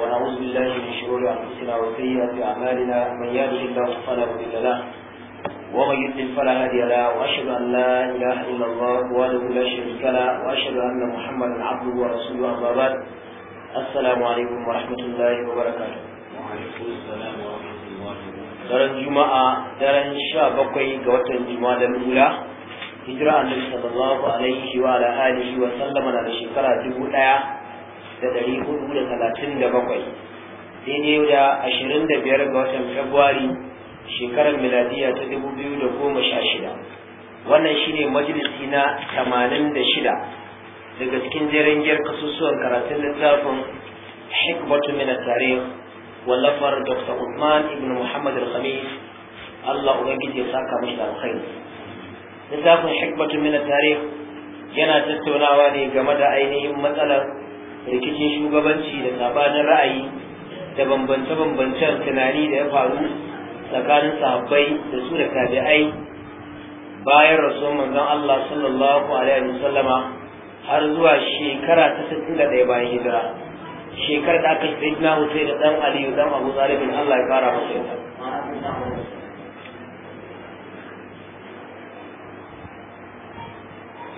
ونعوذ بالله من شرور انفسنا وسيئات اعمالنا من يهده الله فلا مضل له ومن يضلل فلا هادي له واشهد ان لا اله الا الله وحده لا شريك له واشهد ان محمدا عبده ورسوله اما بعد السلام عليكم ورحمه الله وبركاته وعليكم السلام ورحمه الله وبركاته daren juma'a daren sha bakwai ga watan juma'a da lula hijira annabi sallallahu alaihi wa ala alihi wa sallama na da shekara dubu ɗaya da ɗari hudu da talatin da bakwai daidai da ashirin da biyar ga watan februari shekarar miladiya ta dubu biyu da goma sha shida wannan shine majalisi na tamanin da shida daga cikin jirangiyar kasusuwan karatun littafin hikmatu min tarikh wallafar dr usman ibn muhammad al-khamis allah ubangiji ya saka mashi alkhairi littafin hikmatun min tarikh yana tattaunawa ne game da ainihin matsalar rikicin shugabanci da sabanin ra'ayi da bambance-bambancen tunani da ya faru tsakanin sahabbai da su da tabi'ai bayan rasuwar manzon Allah sallallahu alaihi wasallama har zuwa shekara ta 61 bayan hijira shekarar da aka yi na Hussein da dan Aliyu dan Abu Talib Allah ya fara masa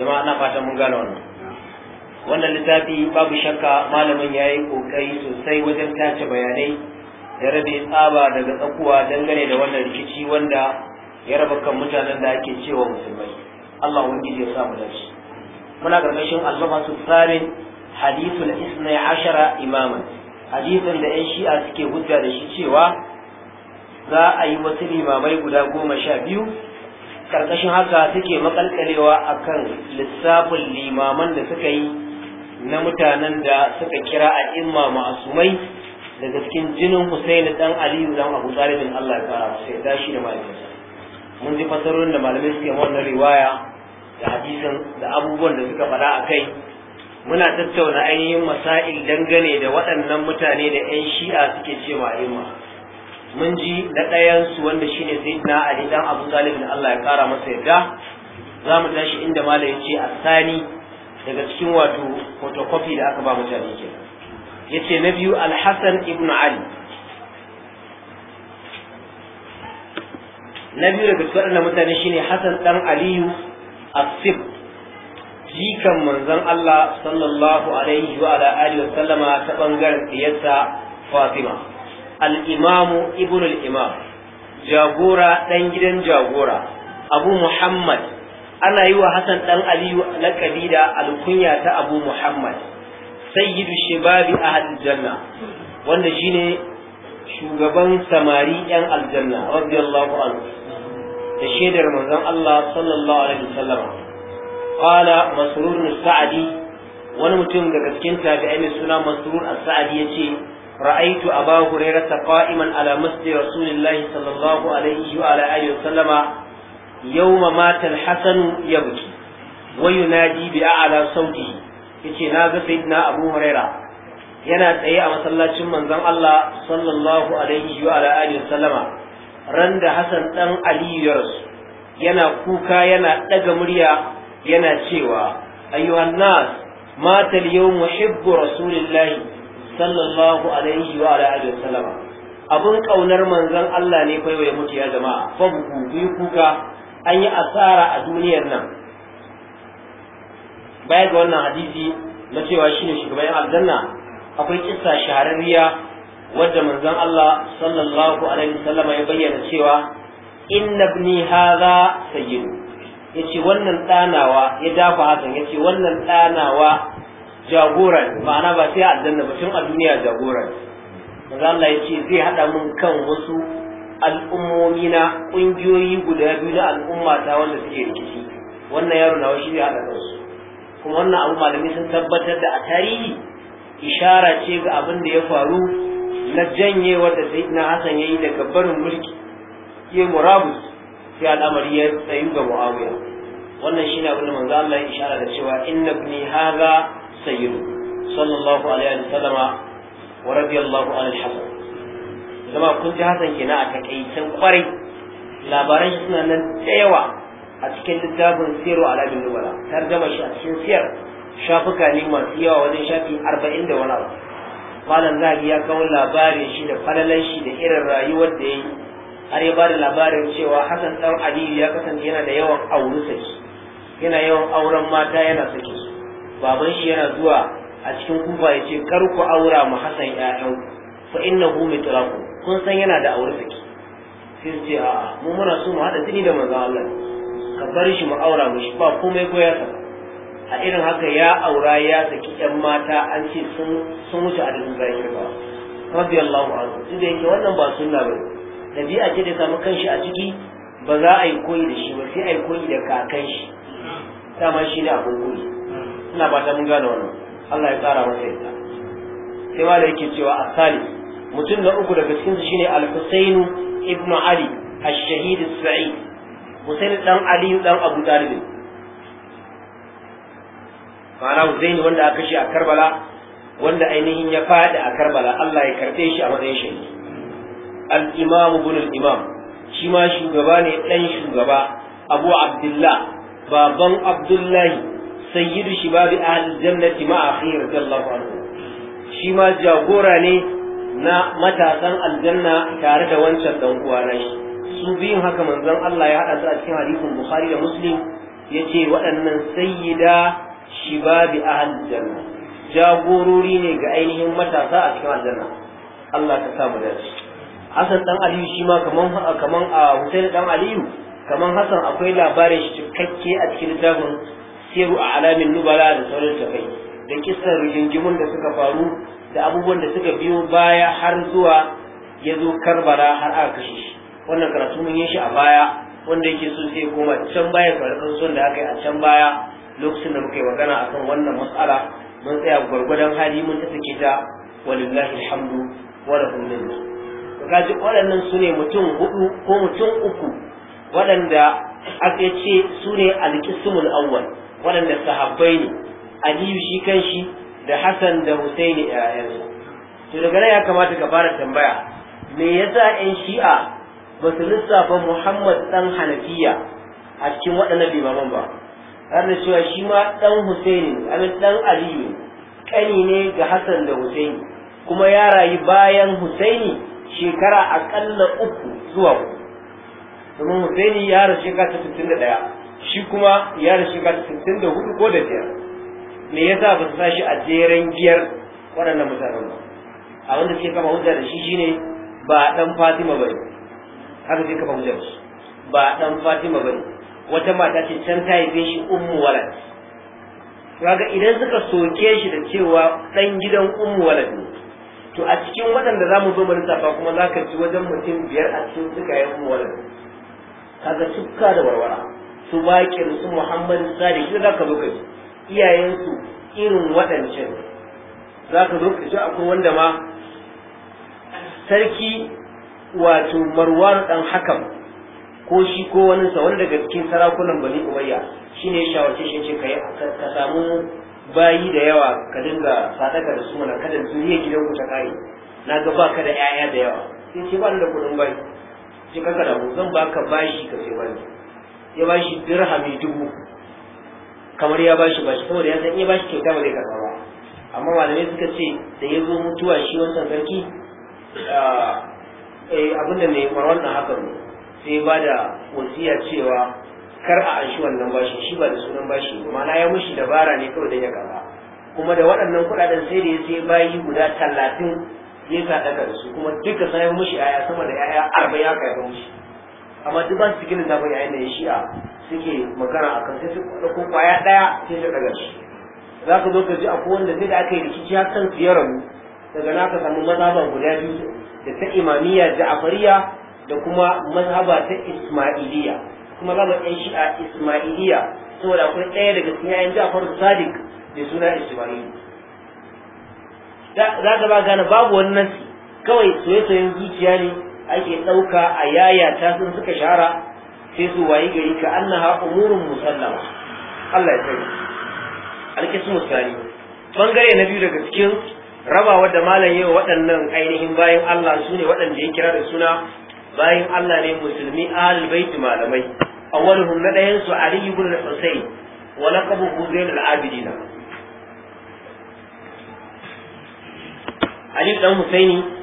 zama ana fatan mun gane wannan wannan littafi babu shakka malamin ya yi ƙoƙari sosai wajen tace bayanai da rabe tsaba daga tsakuwa dangane da wannan rikici wanda ya raba kan mutanen da ake cewa musulmai Allah ubangiji ya sa mu dace muna karkashin al-mabasu tsarin hadithul isna ashara imaman hadithin da yan shi'a suke hujja da shi cewa za a yi wasu limamai guda goma sha biyu karkashin haka take makalkalewa akan lissafin limaman da suka yi na mutanen da suka kira a imma ma'asumai daga cikin jinin Hussein dan Aliyu dan Abu Talib Allah ya fara sai da da malamin mun ji fasarorin da malamai suke wannan riwaya da hadisin da abubuwan da suka faɗa akai muna tattauna ainihin masail dangane da waɗannan mutane da 'yan shi'a suke cewa imma mun ji na ɗayan su wanda shine sayyidina a dan abu talib da Allah ya kara masa yadda za mu tashi inda mala ya ce asani daga cikin wato photocopy da aka ba mutane ke yace na biyu al-hasan ibn ali na biyu daga cikin waɗannan mutane shine hasan dan aliyu as-sib jikan manzon Allah sallallahu alaihi wa ala alihi wa sallama ta bangaren siyasa Fatima al-imamu ibn imam jagora ɗan gidan jagora abu muhammad ana yi wa Hassan ɗan aliyu na da alkunya ta abu muhammad sayyidu shibabi ahad janna wanda shine shugaban samari yan aljanna radiyallahu anhu da shaidar manzon Allah sallallahu alaihi wasallam qala masrur as-sa'di wani mutum daga cikin tabi'ai mai suna masrur as-sa'di yace رأيت أبا هريرة قائما على مسجد رسول الله صلى الله عليه وعلى آله وسلم يوم مات الحسن يبكي وينادي بأعلى صوته yace na ga sayyidina Abu yana tsaye a masallacin manzon Allah sallallahu alaihi wa ala alihi ran da Hassan dan Ali ya rasu yana kuka yana daga murya yana cewa ayyuhan nas mata al-yawm hibbu rasulillahi sallallahu alaihi wa alihi wa sallam abun kaunar manzon Allah ne kai ya mutu ya jama'a fa ku bi kuka an yi asara a duniyar nan baya ga wannan hadisi na cewa shine shugaban aljanna akwai kissa shahararriya wadda manzon Allah sallallahu alaihi wasallam ya bayyana cewa inna ibni hadha sayyid yace wannan tsanawa ya dafa hasan yace wannan tsanawa. jagora ne ma'ana ba sai a aljanna ba tun a duniya jagora ne manzo Allah yace zai haɗa mun kan wasu al'ummomi na ƙungiyoyi guda biyu na al'umma ta wanda suke rikici wannan yaro na shi zai hada kansu kuma wannan abu malami sun tabbatar da a tarihi ishara ce ga abin da ya faru na janyewar da sai na Hassan yayi daga barin mulki ke murabus sai al'amari ya tsayu ga Muawiya wannan shine abin da manzo Allah ya ishara da cewa inna ibni hadha سيده صلى الله عليه وسلم ورضي الله عن الحسن كما كنت حسن كنا أتكيسن قري لا بارش سنة تيوى أتكين للدابن سيروا على ابن نبلا ترجمة شأن سير شافك نيما سيوى وزن شافي أربعين دولا malam zahabi ya kawo labarin shi da falalan shi da irin rayuwar da ya yi har ya bada labarin cewa hassan ɗan aliyu ya kasance yana da yawan auri saki yana yawan auren mata yana saki su baban shi yana zuwa a cikin kufa ya ce kar ku aura mu hasan ƴaƴan fa innahu mitraku kun san yana da aure saki sai su ce a mu muna so mu hada tuni da manzon Allah ka bar shi mu aura mu shi ba komai ko ya saka a irin haka ya aura ya saki ƴan mata an ce sun sun wuce adadin zahir ba radiyallahu anhu duk da yake wannan ba sunna bane a ce da samu kanshi a ciki ba za a yi koyi da shi ba sai a yi koyi da kakan shi dama shi ne abin koyi ina ta mun gane wannan Allah ya tsara masa yadda sai ma da yake cewa asali mutum na uku daga cikin su shine al-Husayn ibn Ali ash-Shahid as-Sa'id Husayn dan Ali dan Abu Talib Fara Husayn wanda aka shi a Karbala wanda ainihin ya faɗi a Karbala Allah ya karɓe shi a matsayin shi. al-Imam ibn al-Imam shi ma shugaba ne dan shugaba Abu Abdullah baban Abdullahi sayyidu shibabi ahlil jannati ma akhi radiyallahu anhu shi ma jagora ne na matasan aljanna tare da wancan dan uwa na shi su biyun haka manzon Allah ya hada su a cikin hadisin Bukhari da Muslim yace waɗannan sayyida shibabi ahlil janna jagorori ne ga ainihin matasa a cikin aljanna Allah ta sa mu dace Hassan dan Aliyu shi ma kaman kaman a Hussein dan Aliyu kaman Hassan akwai labarin shi cikakke a cikin littafin siyaru a alamin nubala da sauran tafai da kisan rigingimun da suka faru da abubuwan da suka biyo baya har zuwa ya zo karbala har aka kashe shi wannan karatu mun yi shi a baya wanda yake son sai koma can baya karatun son da aka yi a can baya lokacin da muka yi magana akan wannan matsala mun tsaya gwargwadon hali mun tafi ta walillahi alhamdu wa lahum minna kaji waɗannan su ne mutum hudu ko mutum uku waɗanda aka ce sune ne awwal waɗanda sahabbai ne aliyu shi kan shi, da hassan da husaini yayansu to daga nan ya kamata ka fara tambaya me yasa yan shi'a ba su lissafa muhammad ɗan hanafiya a cikin waɗannan limaman ba har da cewa shi ma dan husaini ne dan aliyu ƙani kani ne ga Hassan da Husaini kuma ya rayu bayan Husaini shekara akalla uku zuwa uku domin Husaini ya rasu shekara ta ɗaya. shi kuma ya rasu da 64 ko da biyar me yasa ba su sa shi a jeren giyar waɗannan mutanen ba a wanda suke kama hujja da shi shine ba dan Fatima bane haka sai kama hujja su ba dan Fatima bane wata mata ce can ta haife shi ummu walad kaga idan suka soke shi da cewa dan gidan ummu walad ne to a cikin waɗanda za mu zo mu lissafa kuma za ka ci wajen mutum biyar a cikin suka yi ummu walad kaga tukka da warwara su bakin su muhammad sadiq shi za ka zo kai iyayensu irin waɗancan za ka zo ka akwai wanda ma sarki wato marwan ɗan hakan ko shi ko wani sa wanda daga cikin sarakunan bani umayya shine ya shawarce shi ce kai ka samu bayi da yawa ka dinga sadaka da su mana kada zuriya gidan ku ta kai na ga baka da yaya da yawa sai ce ba da kudin bayi sai ka kada zan baka bashi ka sai wani ya ba shi dirhami dubu kamar ya ba shi kuma da ya san ya ba shi kyauta ba zai karba ba amma malamai suka ce da ya zo mutuwa shi wancan sarki ah, eh, abinda mai farwan na haka ne sai ba da wasiya cewa kar a anshi wannan bashi shi ba da sunan bashi ba ma'ana ya mushi dabara ne kawai don ya karba kuma da waɗannan kuɗaɗen sai da ya sai bayi guda talatin ya sadaka da su kuma duka sai mushi yaya sama da yaya ya ya ba mushi amma duk ba su cikin lissafin yayin da ya shi'a suke magana a kan sai su ɗauko kwaya ɗaya sai su ɗaga shi za ka zo ka ji akwai wanda zai da aka yi rikici har kan su ya daga naka ka samu mazhaba guda biyu da ta imamiyya ja'afariya da kuma mazhaba ta ismailiyya kuma za mu ɗan shi'a isma'iliya saboda akwai ɗaya daga cikin yayin ja'afar sadiq da suna ismail za ka ba gane babu wannan kawai soye-soyen zuciya ne ake ɗauka a yayata sun suka shara sai su waye gari ka annaha umurun musallama Allah ya sani alkismu sani bangare na biyu daga cikin rabawa da malam yau waɗannan ainihin bayan Allah su ne waɗanda ya kira da suna bayan Allah ne musulmi ahlul baiti malamai awwaluhum na ɗayan su Ali ibn Husayn wa laqabuhu al Abidin Ali dan Husaini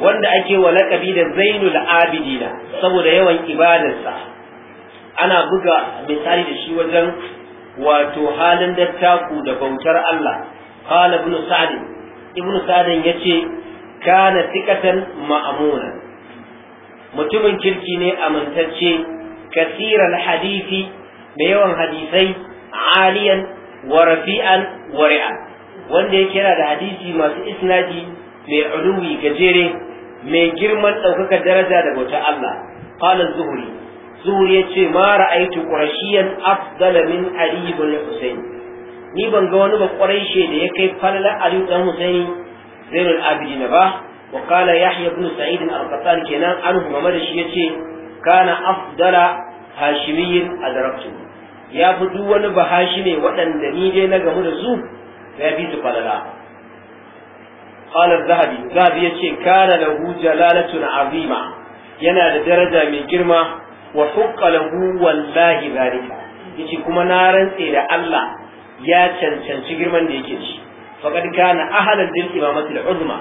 wanda ake wa lakabi da zainul abidina saboda yawan ibadarsa ana buga misali da shi wajen wato halin dattaku da bautar Allah qala ibn sa'd ibn sa'd yace kana tikatan ma'amuna mutumin kirki ne amintacce kasiran hadisi da yawan hadisai aliyan wa rafi'an wa ri'an wanda yake yana da hadisi masu isnadi mai uluwi gajere mai girman ɗaukaka daraja da wata Allah qala zuhuri zuhuri yace ma ra'aytu qurashiyan afdala min ali ibn husayn ni ban ga wani ba da ya kai falala ali ibn husayn zainul abidin ba wa yahya ibn sa'id al-qattan kenan an huma da shi yace kana afdala hashimiyyin adraktu ya fi duk wani bahashi ne waɗanda ni dai na gamu da su ya fi su falala قال الذهبي ذهبي يتي كان له جلالة عظيمة ينا درجة من جرمة وحق له والله ذلك يتي كما نارا إلى الله يا تنشن شجرما ديكيش فقد كان أهلا للإمامة العظمى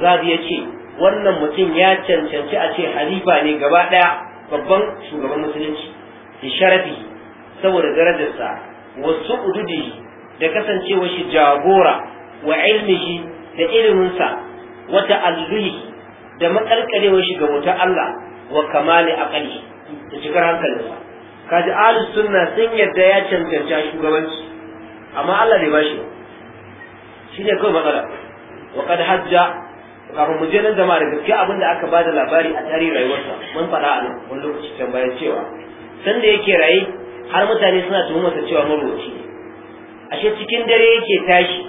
ذهبي يتي wannan mutum ya cancanci a ce halifa ne gaba ɗaya babban shugaban musulunci da sharafi saboda darajarsa wasu ududi da kasancewa shi jagora wa ilmihi da iliminsa wata alluhi da makalkalewar shi ga wutar Allah wa kamali aqli da cikar hankalinsa kaji ahlus sunna sun yarda ya cancanta shugabanci amma Allah bai bashi ne, kawai matsala wa kad hajja kafin mu je nan jama'a da gaskiya abin da aka bada labari a tarihin rayuwarsa mun faɗa a nan wani lokaci can bayan cewa sanda yake raye har mutane suna tuhumarsa cewa marubuci ne ashe cikin dare yake tashi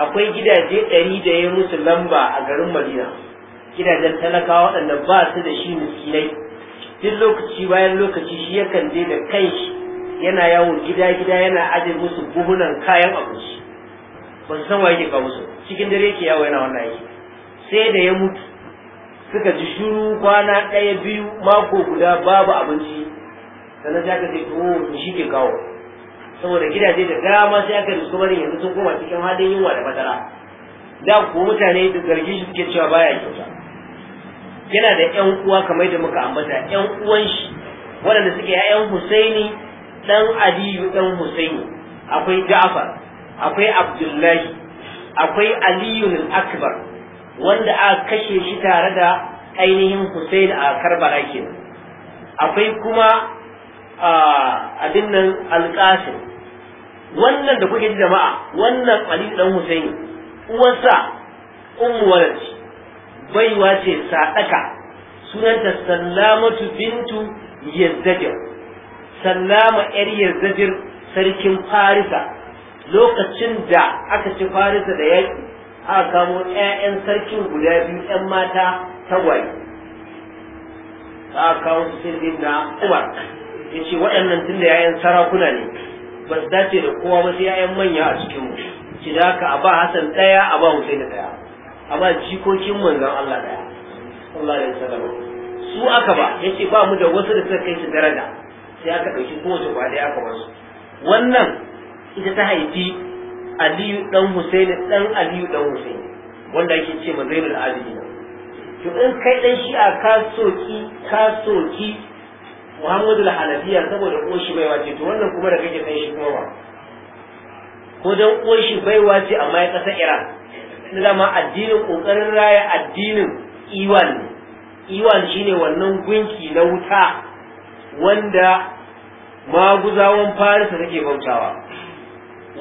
akwai gidaje ɗari da ya musu lamba a garin madina gidajen talakawa waɗanda ba su da shi miskinai duk lokaci bayan lokaci shi yakan je da shi yana yawon gida gida yana ajiye musu buhunan kayan abinci ba su san wa yake kawo cikin dare yake yawo yana wannan aiki sai da ya mutu suka ji shuru kwana ɗaya biyu mako guda babu abinci sannan za ka ce oh, to shi ke kawo saboda gidaje da dama sai aka risu bari yanzu sun koma cikin halin yunwa da madara da ko mutane da zargin shi suke cewa baya kyauta yana da 'yan uwa kamar da muka ambata ƴan uwan shi waɗanda suke ƴaƴan Husaini dan Aliyu dan Husaini akwai Ja'far akwai Abdullahi akwai Aliyu akbar wanda aka kashe shi tare da ainihin Hussaini a Karbala kenan akwai kuma ah, abin nan Al-Qasim wannan da kuke jama'a wannan Ali dan Husaini uwarsa ummu walad baiwa ce sadaka sunanta Sallamatu bintu Yazdajir Sallama yar Yazdajir sarkin Farisa lokacin da aka ci Farisa da yaki aka kamo ƴaƴan sarkin guda biyu ƴan mata tagwaye aka kawo su sirrin da Umar yace waɗannan tunda yayan sarakuna ne ba su dace da kowa ba sai yayan manya a cikin mu shi da haka a ba Hassan daya a ba Hussein daya a ba jikokin manzon Allah daya sallallahu alaihi wasallam su aka ba yace ba mu da wasu da suka kai su daraja sai aka dauki kowace ba ɗaya aka ba su wannan ita ta haifi Aliyu dan Hussein dan Aliyu dan Hussein wanda ake ce ma Zainul Abidin to in kai dan shi a kasoki. kasoki Muhammadu al halafiya saboda shi baiwa ce to wannan kuma da kake san shi kuma ba ko dan shi baiwa ce amma ya kasa Iran da dama addinin kokarin raya addinin Iwan Iwan shine wannan gunki na wuta wanda maguzawan Farisa take bautawa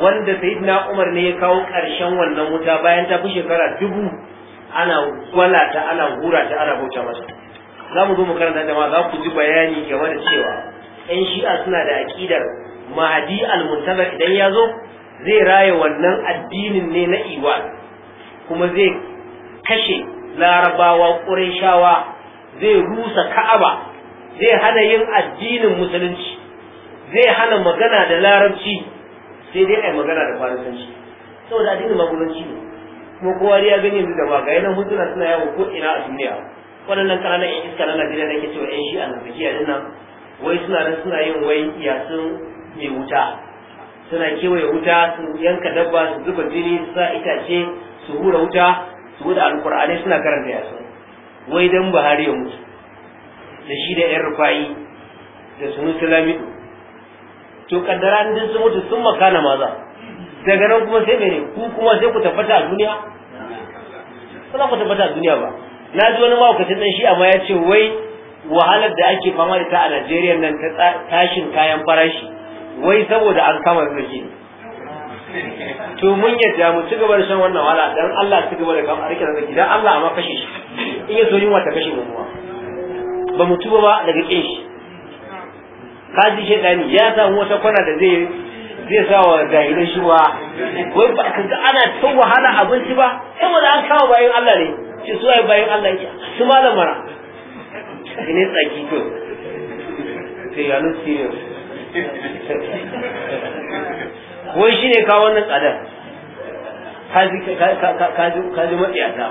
wanda Sayyidina Umar ne ya kawo ƙarshen wannan wuta bayan ta fi shekara dubu ana gwalata, ana hura ta ana bauta masa za mu zo mu karanta jama'a za ku ji bayani game da cewa yan shi'a suna da aƙidar mahadi al-muntazar idan ya zo zai raya wannan addinin ne na iwan kuma zai kashe larabawa ƙurashawa zai rusa ka'aba zai hana yin addinin musulunci zai hana magana da larabci sai dai ai magana da faransanci saboda addinin magulanci ne kuma kowa ya gani da ba ga yanar hutuna suna yawo ko ina a duniya waɗannan ƙananan yan iska na Najeriya da ke cewa yan shi a Nazakiya din nan wai suna da suna yin wai sun mai wuta suna kewaye wuta su yanka dabba su zuba jini su sa itace su hura wuta su wuda alƙur'ani suna karanta sun wai dan Buhari ya mutu da shi da yan rufayi da sunusi lamido to kaddara din sun mutu sun makana maza daga nan kuma sai mene ku kuma sai ku tabbata a duniya ba ku tabbata a duniya ba na ji wani mahaukacin dan shi amma ya ce wai wahalar da ake fama da ta a Najeriya nan ta tashin kayan farashi wai saboda an kama zaki to mun yadda mu ci gaba da shan wannan wahala dan Allah ci gaba da kama rike zirgi. dan Allah amma kashe shi in ya so yunwa ta kashe mu kuma ba mu tuba ba daga kin shi kaji shedani ya samu wata kwana da zai zai sa wa shi ba wai ba ka ga ana ta wahala abinci ba saboda an kawo bayan Allah ne shi su ai bayan Allah yake su malam mara ne tsaki to sai ya nu serious wai shi ne kawo wannan tsadar kaji kaji kaji matsiyata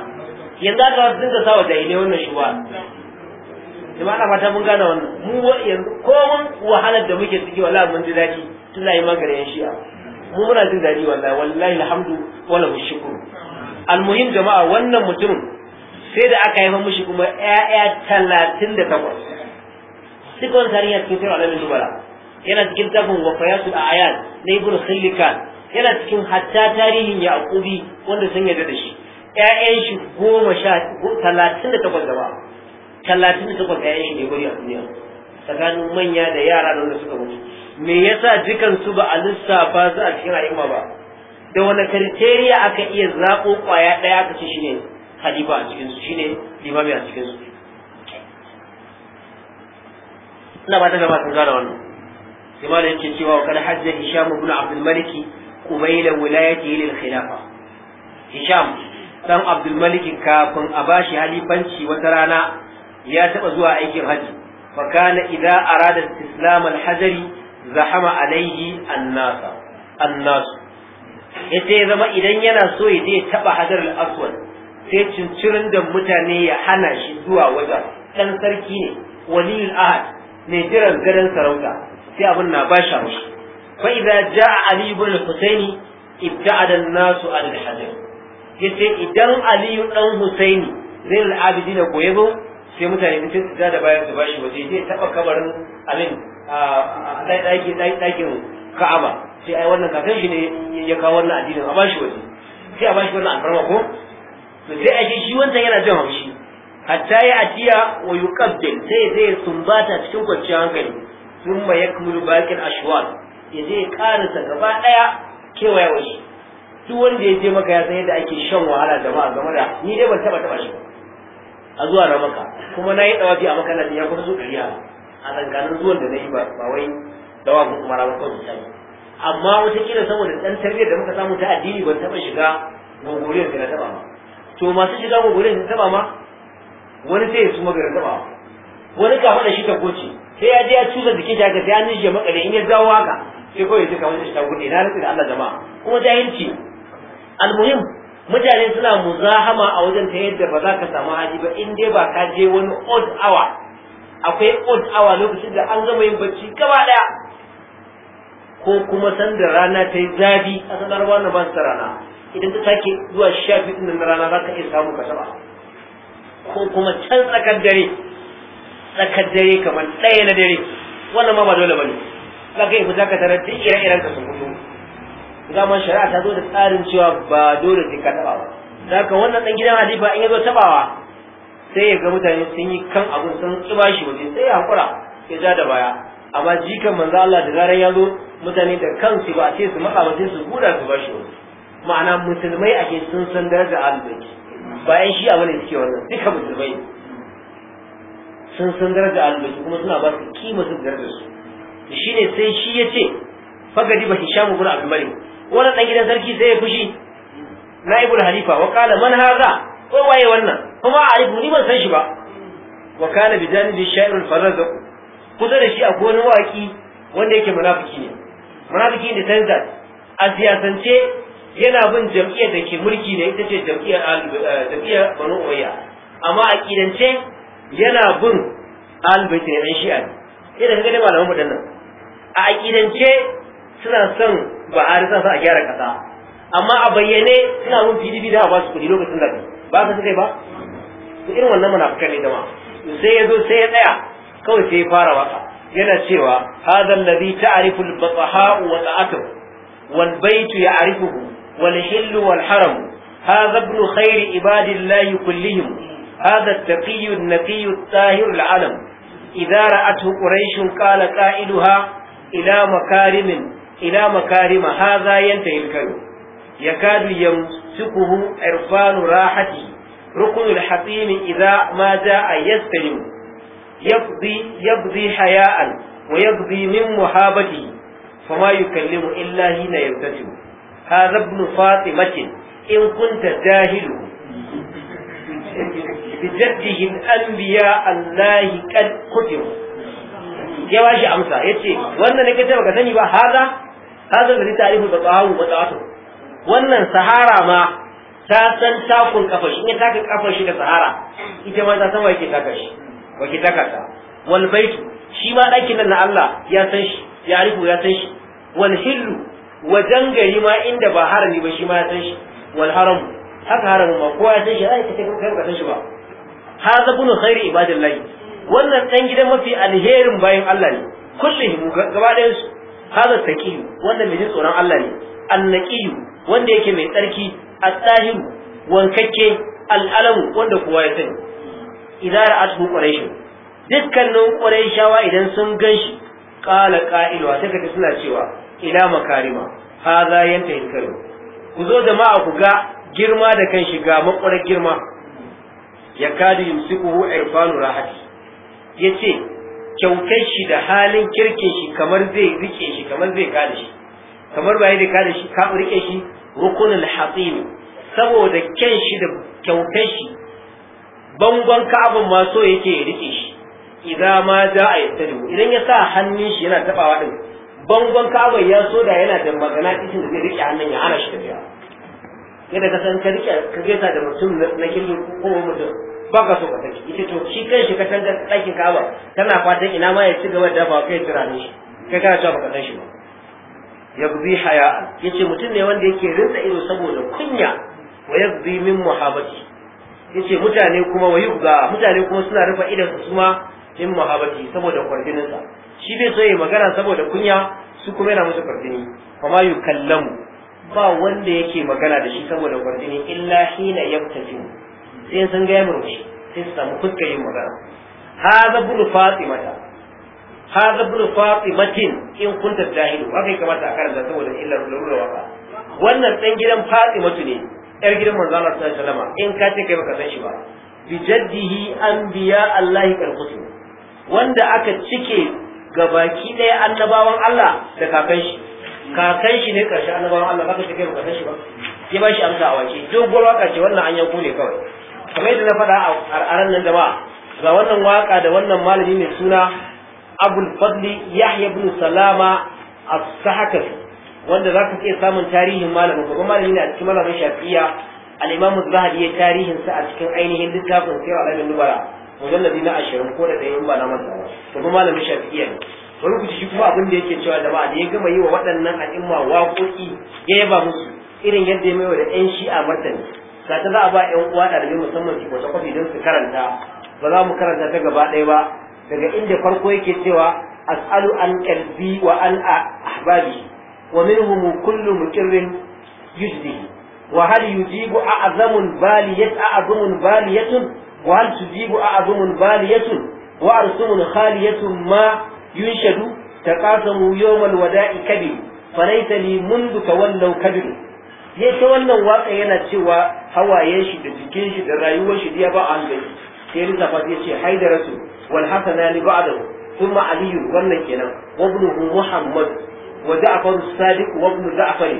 yanzu aka dinga sa wa jahilai wannan shuwa jama'a fata mun gane wannan mu yanzu ko mun wahalar da muke ciki wallahi mun ji daɗi tunda yi maganin shi'a mu muna jin daɗi wallahi wallahi alhamdu wala shukru almuhim jama'a wannan mutumin sai da aka haifa mishi kuma ƴaƴa talatin da takwas sikon tarihi cikin sirri alamin dubara yana cikin tafin wafayatul ayat na ibn khillikan yana cikin hatta tarihin yaqubi wanda sun yarda da shi ƴaƴan shi goma sha talatin da takwas gaba talatin da takwas ƴaƴan shi gori a duniya tsakanin manya da yara da wanda suka mutu me yasa dukan su ba a lissafa su a cikin al'umma ba da wani kriteriya aka iya zaɓo ƙwaya ɗaya aka ce shine khalifa a cikin su shine limami a cikin su ina ba ta gaba sun gane wannan sai ma da yake cewa kada hajjar hisham ibn abdul malik kubaila wilayati lil khilafa hisham dan abdul malik kafin a bashi halifanci wata rana ya taɓa zuwa aikin haji fa kana idza arada istislam al zahama alaihi annasa annasu yace zama idan yana so ya je taɓa hajar al-aswad sai cincirin da mutane ya hana shi zuwa wajen dan sarki ne waliyul ahad ne jiran gadan sarauta sai abin na ba shi fa idza jaa ali ibn husaini ibta'ada an-nasu an al-hajar yace idan ali dan husaini zai al-abidin ko yabo sai mutane in su da bayan su bashi waje zai taba kabarin amin a ɗakin ɗakin ka'aba sai ai wannan kakan shi ne ya kawo wannan addinin a bashi waje sai a bashi wannan alfarma ko to sai a shi wancan yana jin haushi hatta ya ajiya wa yuqabbil sai sai sumbata cikin kwanciyar hankali thumma yakmulu baqil ashwal ya zai karasa gaba daya kewaye waje duk wanda ya je maka ya san yadda ake shan wahala jama'a game da ni dai ban taba taba shi ba a zuwa na maka kuma na yi dawafi a makallaci ya kuma so ɗari a tsakanin zuwan da na yi ba wai ko kuma ramar kawai zuciya amma wataƙila saboda ɗan tarbiyyar da muka samu ta addini ban taɓa shiga gogoriyar da na taɓa ma to masu shiga gogoriyar da taɓa ma wani sai ya suma garin taɓa wani kafa da shi ta goce sai ya je ya cuza jikin shi haka sai an nishi ya in ya dawo haka sai kawai ya ce kamar shi ta gudu na rufe da Allah jama'a kuma jahilci almuhim mutane suna muzahama a wajen ta yadda ba za ka samu haji ba in dai ba ka je wani odd hour akwai odd hour lokacin da an zama yin bacci gaba daya ko kuma san da rana ta yi zafi a sanar wani ba ta rana idan ta take zuwa sha biyu na rana za ka iya samu ka taba ko kuma can tsakar dare tsakar dare kamar ɗaya na dare wannan ma ba dole ba ne za ka yi fita ka tarar duk ire-iren ka sun dama shari'a ta zo da tsarin cewa ba dole sai ka taba ba zaka wannan dan gidan halifa in ya zo tabawa sai ya ga mutane sun yi kan abun sun tsiba shi waje sai ya hakura ya ja da baya amma jikan manzo Allah da zarar ya zo mutane da kansu ba sai su matsa ba sai su gura su bashi waje ma'ana musulmai ake sun san daraja albaiki bayan shi abu da suke wannan duka musulmai sun san daraja albaiki kuma suna ba su kima su daraja su shine sai shi ya ce fagadi ba Hisham gura Abdul Malik wannan dan gidan sarki sai ya fushi naibul halifa wa qala man hadha ko waye wannan kuma a aibu ni ban san shi ba wa kana bi janibi sha'irul farazaq kusa da shi a gonin waki wanda yake munafiki ne munafiki ne tanza a siyasance yana bin jam'iyyar da ke mulki ne ita ce jam'iyyar eh, jam'iyyar banu umayya amma a kidance yana bin albaitin yan shi'a ne idan ga da malaman waɗannan a akidance suna son Buhari suna son a gyara kasa amma a bayyane suna mun PDP da ba su kuɗi lokacin da ba ka sai ba to irin wannan munafukan ne jama'a sai ya zo sai ya tsaya kawai sai ya fara waka yana cewa hadha alladhi ta'rifu al-bataha'u wa ta'atu wal baytu ya'rifuhu wal hillu wal haram hadha ibn khairi ibadillahi kullihim هذا التقي النقي الطاهر العلم إذا رأته قريش قال قائلها إلى مكارم ila makarima hadha yantahi al-kalim yakadu yamsukuhu irfanu rahati Rukunin al-hatim idha ma jaa yastalim yabdi yabdi haya'an wa yabdi min muhabati fama yukallimu illa hina yabtadi hadha ibn fatimatin in kunta jahilu بجده الأنبياء الله قد كتبوا ya bashi amsa ya ce wannan na kace baka sani ba haza هذا الذي تعرفه بطاه وبطاعته wannan sahara ma ta san takun kafa shi ne kan kafa shi da sahara ita ma ta san wa yake taka shi wa ke taka ta wal baitu shi ma ɗakin nan na Allah ya san shi ya rifu ya san shi wal hillu wajen gari ma inda ba harami ba shi ma ya san shi wal haramu haka haramu ma kowa ya san shi ai kace kai ba san shi ba hadha bunu khairi ibadillah wannan dan gidan mafi alherin bayin Allah ne kullihim gaba ɗayan su hada taqiyu wanda mai jin tsoron Allah ne annaqiyu wanda yake mai tsarki at-tahiru wankakke al-alamu wanda kowa ya sani idan ra'atu quraish dukkanin quraishawa idan sun ganshi qala qa'ilu sai suna cewa ila makarima hada yanta ilkaru ku zo jama'a ku ga girma da kan shiga makwarar girma ya kadi yumsikuhu irfanu rahati yace kyaukai shi da halin kirkin shi kamar zai rike shi kamar zai kada shi kamar ba zai kada shi ka rike shi rukunul hatim saboda kyan shi da kyaukai shi bangon ka'abin ma so yake ya rike shi idan ma za a yi idan ya sa hannun shi yana tabawa din bangon ka'abin ya so da yana da magana cikin da zai rike hannun ya hana shi da biya yadda ka san ka rike ka gaisa da mutum na kirki ko mutum ba ka so ka saki ita to shi kan shi ka canza ɗakin kaba tana fatan ina ma ya ci gaba da ba kai turane shi kai kana cewa baka san shi ba gubi haya yace mutum ne wanda yake rinsa ido saboda kunya wa yagbi min muhabati yace mutane kuma wa yugga mutane kuma suna rufa idan su ma min muhabati saboda kwarjinin sa shi bai so ya magana saboda kunya su kuma yana musu kwarjini kuma yukallamu ba wanda yake magana da shi saboda kwarjini illa hina yaftajimu sai sun ga ya murmushi sai su samu fuskar yin magana mata, ha za hadha bunu matin in kunta jahilu haka ya kamata a karanta saboda illar lura waka wannan ɗan gidan matu ne yar gidan manzo Allah sallallahu alaihi wasallam in ka ce kai baka san shi ba an anbiya Allah kalkutu wanda aka cike ga baki ɗaya annabawan Allah da kakan shi kakan shi ne karshe annabawan Allah zaka ce kai baka san shi ba ya ba shi amsa a wace dogon waka ce wannan an yanko ne kawai kamar yadda na faɗa a ran nan jama'a ga wannan waka da wannan malami mai suna abul fadli yahya ibn salama as sahakar wanda za ka iya samun tarihin malamin babban malami ne a cikin malamin shafi'iyya al-imam az-zahabi ya tarihin sa a cikin ainihin littafin sirr al-ibn nubara mujalladi na 20 ko da ɗaya ba na masa to kuma malamin shafiya ne bari ku ji kuma abin da yake cewa ba da ya gama yi wa waɗannan al'umma waƙoƙi ya yaba musu irin yadda ya mai da 'yan shi'a martani ga ta za a ba yan uwa ɗalibi musamman su kwata kwafi don su karanta ba za mu karanta ta gaba ɗaya ba daga inda farko yake cewa as'alu an qalbi wa an ahbabi wa minhum kullu muqirrin yujdi wa hal yujibu a'zamun baliyat a'zamun baliyatun wa hal tujibu a'zamun baliyatun wa arsumun khaliyatun ma yunshadu taqasamu yawmal wada'i kabir falaita mundu tawallau kabir yace wannan waka yana cewa hawaye shi da jikin shi da rayuwar shi ya ba hankali sai lissafa ya ce haidaratu wal hasana li ba'dahu thumma ali wannan kenan wa ibnuhu muhammad wa ja'far as-sadiq wa ibnu ja'far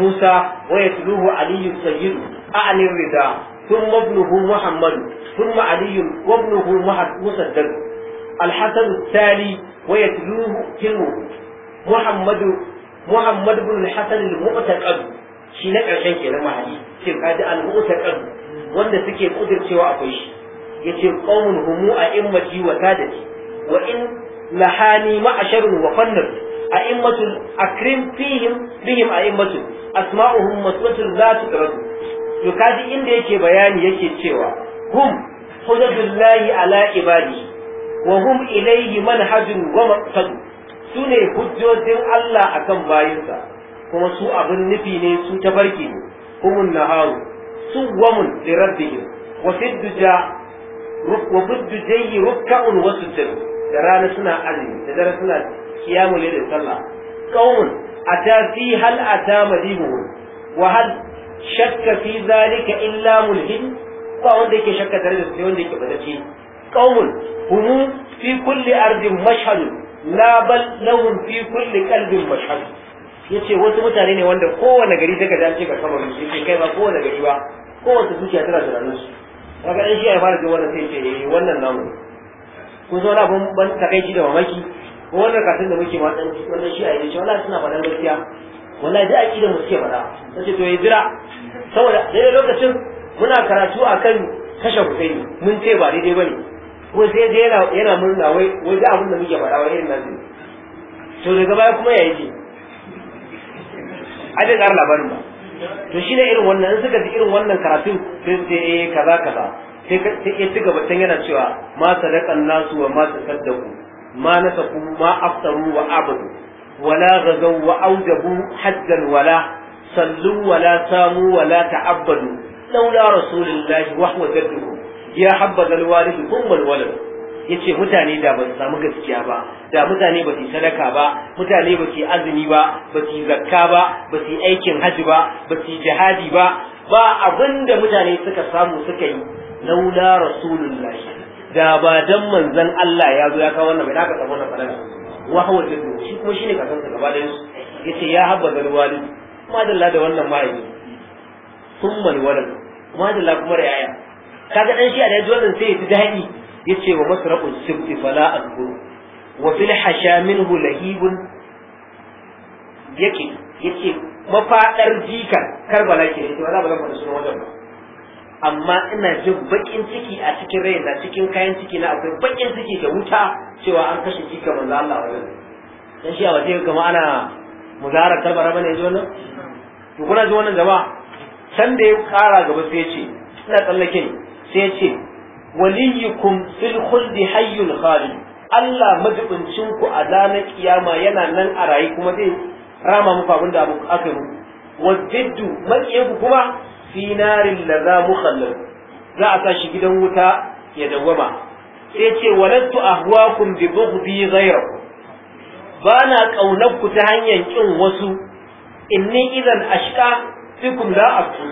musa wa yatluhu ali sayyid a'ni rida thumma ibnuhu muhammad thumma ali wa ibnuhu musaddad الحسن التالي ويتلوه كلمه محمد محمد بن الحسن المعتقد shi na ƙarshen kenan mahadi cin kaji al-mu'taqad wanda suke kudircewa akwai shi ya yace qaumun humu a immati wa sadati wa in lahani ma'asharun wa fannar a'immatul akrim fihim bihim a'immatu asma'uhum maswatul la tudradu to kaji inda yake bayani yake cewa hum hujajullahi ala ibadi wa hum ilayhi manhajun wa maqsad sune hujjojin Allah akan bayinsa kuma su abin nufi ne su ta barki ne humun naharu su wamun lirabbihim wa fidduja wa fiddujayi rukka'un wa sujud da rana suna azumi da dare suna kiyamu da sallah qaumun ata fi hal ata madihuhum wa hal shakka fi zalika illa mulhin ba wanda yake shakka tare da sai wanda yake badaci qaumun hum fi kulli ardin mashhad la bal lahum fi kulli qalbin mashhad ya ce wasu mutane ne wanda kowane gari daga da ce ka kama su ya kai ba kowane gari ba kowace zuciya tana tunanin su kaga in shi ya fara jin wannan sai ce eh wannan namu kun zo na ban takaici da mamaki ko wannan kasin da muke ma dan wannan shi ya ce wallahi suna faɗan gaskiya wallahi da aqida mu suke faɗa sai to ya jira saboda dai lokacin muna karatu akan kashe Husaini mun ce ba daidai bane ko sai dai yana yana murna wai wai da abin da muke faɗa wai irin nan to daga baya kuma ya yi ai bai ƙara labarin ba to shi ne irin wannan in suka ji irin wannan karatun sai su ce eh kaza kaza sai ya ci gaba ta yana cewa ma sadaqan nasu wa ma tasaddaqu ma nasaku ma aftaru wa abadu wala gazaw wa aujabu haddan wala sallu wala samu wala ta'abbadu laula rasulullahi wa huwa jadduhu ya habbaza alwalid thumma alwalad yace mutane da ba su samu gaskiya ba da mutane ba su sadaka ba mutane ba su azumi ba ba su zakka ba ba su aikin haji ba ba su jihadi ba ba abinda mutane suka samu suka yi laula rasulullahi da ba dan manzon Allah ya zo ya kawo wannan bai naka samu na faɗa wa hawa jiddu shi kuma shine kasan ka gaba da yace ya habba da walidi madalla da wannan ne, summal walad madalla kuma da yaya kaga dan shi a da wannan sai ya ji daɗi yace wa masra'u sibti fala azkur wa fil hasha minhu lahibun yake yace mafadar jikan karbala ke yace wala bazan faɗa sunan wajen ba amma ina jin bakin ciki a cikin raina cikin kayan ciki na akwai bakin ciki da wuta cewa an kashe jika manzo Allah wajen dan shi a waje kuma ana muzarar karbala bane yanzu wannan to kuna ji wannan jama'a can da ya kara gaba sai ya ce ina tsallake sai ya ce waliyukum fil khuldi hayyul khalid Allah majibincin ku a ranar kiyama yana nan a rayi kuma zai rama muku abin da abu aka yi wajiddu makiyanku kuma fi narin da za mu za a sa shi gidan wuta ya dawwama sai ce walattu ahwakum bi bughdi ghayr ba na ta hanyar kin wasu inni idan ashka fikum la aqul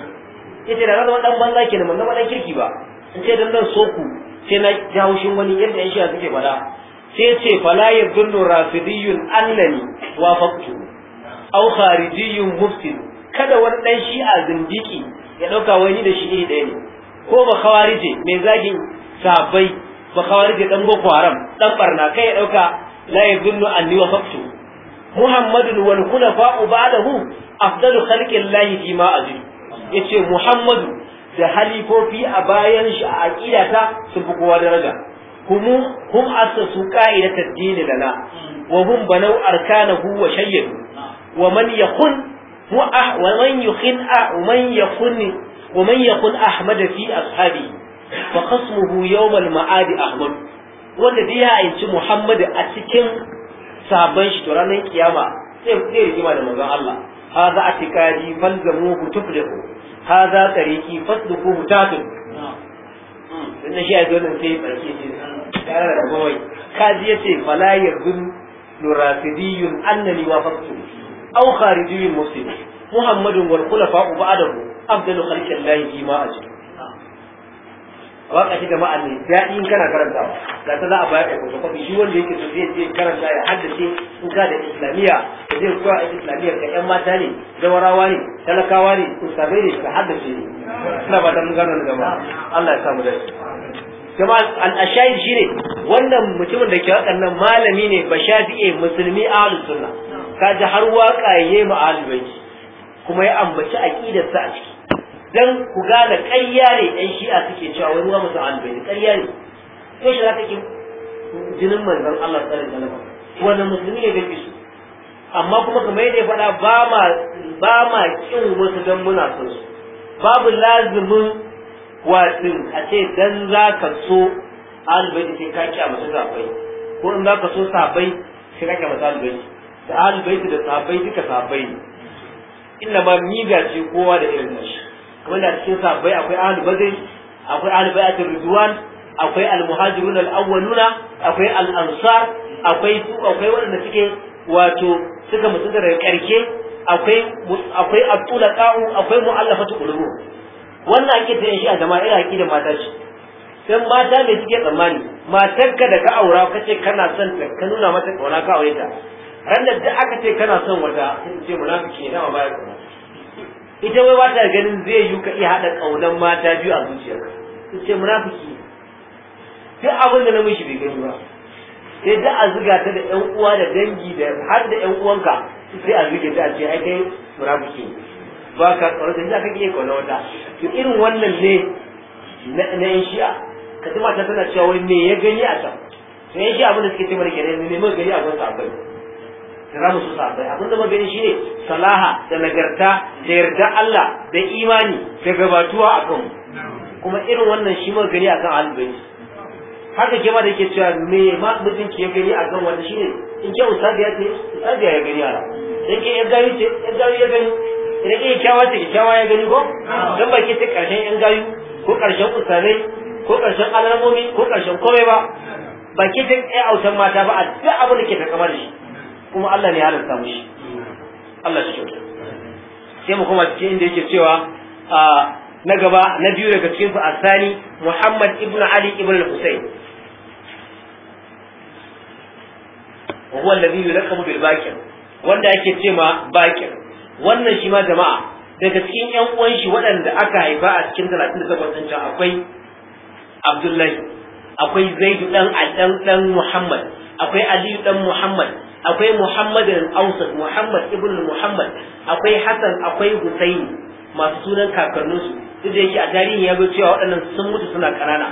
yace da zama dan banza kenan ban zama dan kirki ba in ce dan zan so ku sai na ji haushin wani yadda yan shiya suke faɗa sai ce fala yadullu rafidiyun annani wafaqtu aw kharijiyun muftin kada wani dan shi'a zindiki ya dauka wani da shi iri ɗaya ne ko ba khawarije mai zagin sabai ba khawarije dan boko haram dan barna kai ya dauka la ya Muhammadu anni wafaqtu muhammadun wal khulafa ba'dahu afdalu khalqi llahi fi ma ajri yace muhammadu da halifofi a bayan shi a aqidata sun fi kowa daraja hum hum assasu qa'idat ad-din lana wa hum banaw arkanahu wa wa man yakhun wa man yakhin wa man wa man yakun ahmad fi ashabi fa qasmuhu yawm al-ma'ad ahmad wanda dai ya aici muhammad a cikin sabon shi to ranar kiyama sai zai rigima da manzon Allah hadha atikadi falzamuhu tuflihu haza tariki fasluku mutatu inda shi a dole sai barki ce kare da kawai kaji yace fala yardun nurafidiyun annani wa fastu aw kharijiyun muslim muhammadun wal khulafa ba'dahu afdalu khalqi llahi ma ajib waka shi jama'a ne daɗi in kana karantawa da ta za a bayar da kwafi shi wanda yake so zai je karanta ya haddace in ka da islamiyya da zai koya a islamiyya ka ƴan mata ne jawarawa ne talakawa ne ustazai ne ka haddace ne ina ba ta mun gano da jama'a Allah ya samu dace jama'a al shi ne wannan mutumin da ke waɗannan malami ne ba shafi'e musulmi ahlus sunna ji har waka ya yi ahlul kuma ya ambaci aqidarsa a ciki dan ku gane ƙarya ne ɗan shi'a suke cewa wani wa musu albayi ƙarya ne sai shi za ka ki jinin manzon Allah tsarin galaba wani musulmi ne bai su amma kuma kamar yadda ya faɗa ba ma ba ma kin wasu dan muna son su babu lazimin watin a ce dan za ka so albayi sai ka a masu sabai ko in za ka so sabai sai ka kiya musu albayi da albayi da sabai duka sabai ne inna ma miga ce kowa da irin nashi wanda cikin sahabbai akwai ahlul badr akwai ahlul bai'atul ridwan akwai al-muhajirun al-awwaluna akwai al-ansar akwai akwai wanda suke wato suka mutu daga karke akwai akwai abdul tulaqau akwai mu'allafatu qulubu wannan ake ta shi a jama'a ira haƙi da mata ce dan mata ne suke tsammani matarka da ka aura kace kana son ta ka nuna mata kauna ka aure ta ran da aka ce kana son wata sai ce munafiki ne dama baya kuma ita wai ba ta ganin zai yi ka iya haɗa ƙaunar mata biyu a zuciyarka su ce munafiki duk abin da na mishi bai gani ba sai da a zuga ta da ƴan uwa da dangi da har da ƴan uwanka sai a zuge ta a ce ai kai munafiki ba ka ƙaunar da ka iya ƙaunar wata to irin wannan ne na ƴan shi'a ka ji mata tana cewa wai me ya gani a can sai ƴan shi'a abin da suke ce mana kenan ne me gani a gwamnati a da za mu abin da magani shine salaha da nagarta da yarda Allah da imani da gabatuwa a kanmu kuma irin wannan shi magani gani akan albayi haka ke ma da ke cewa me ma mutum ke gani akan wannan shine in ke ustadiya ce ustadiya ya gani ara in ke yan gani ce yan ya gani idan ke kyawa ce kyawa ya gani ko dan ba ke ta karshen yan gayu ko karshen usabai ko karshen alamomi ko karshen komai ba ba ke ta autan mata ba a duk abin da ke ta kamar shi kuma Allah ne ya halatta shi. Allah shi kyauta sai mu kuma cikin inda yake cewa na gaba na biyu daga cikin su asani Muhammad ibn Ali ibn al-Husayn wa huwa alladhi yulaqabu bil bakir wanda yake cewa bakir wannan shi ma jama'a daga cikin yan uwan shi waɗanda aka haifa a cikin 38 din can akwai Abdullahi akwai Zaid dan dan Muhammad akwai Ali dan Muhammad akwai muhammadin ausat muhammad ibn muhammad akwai hassan akwai husaini masu sunan kakanninsu duk da yake a tarihi ya zo cewa waɗannan sun mutu suna ƙanana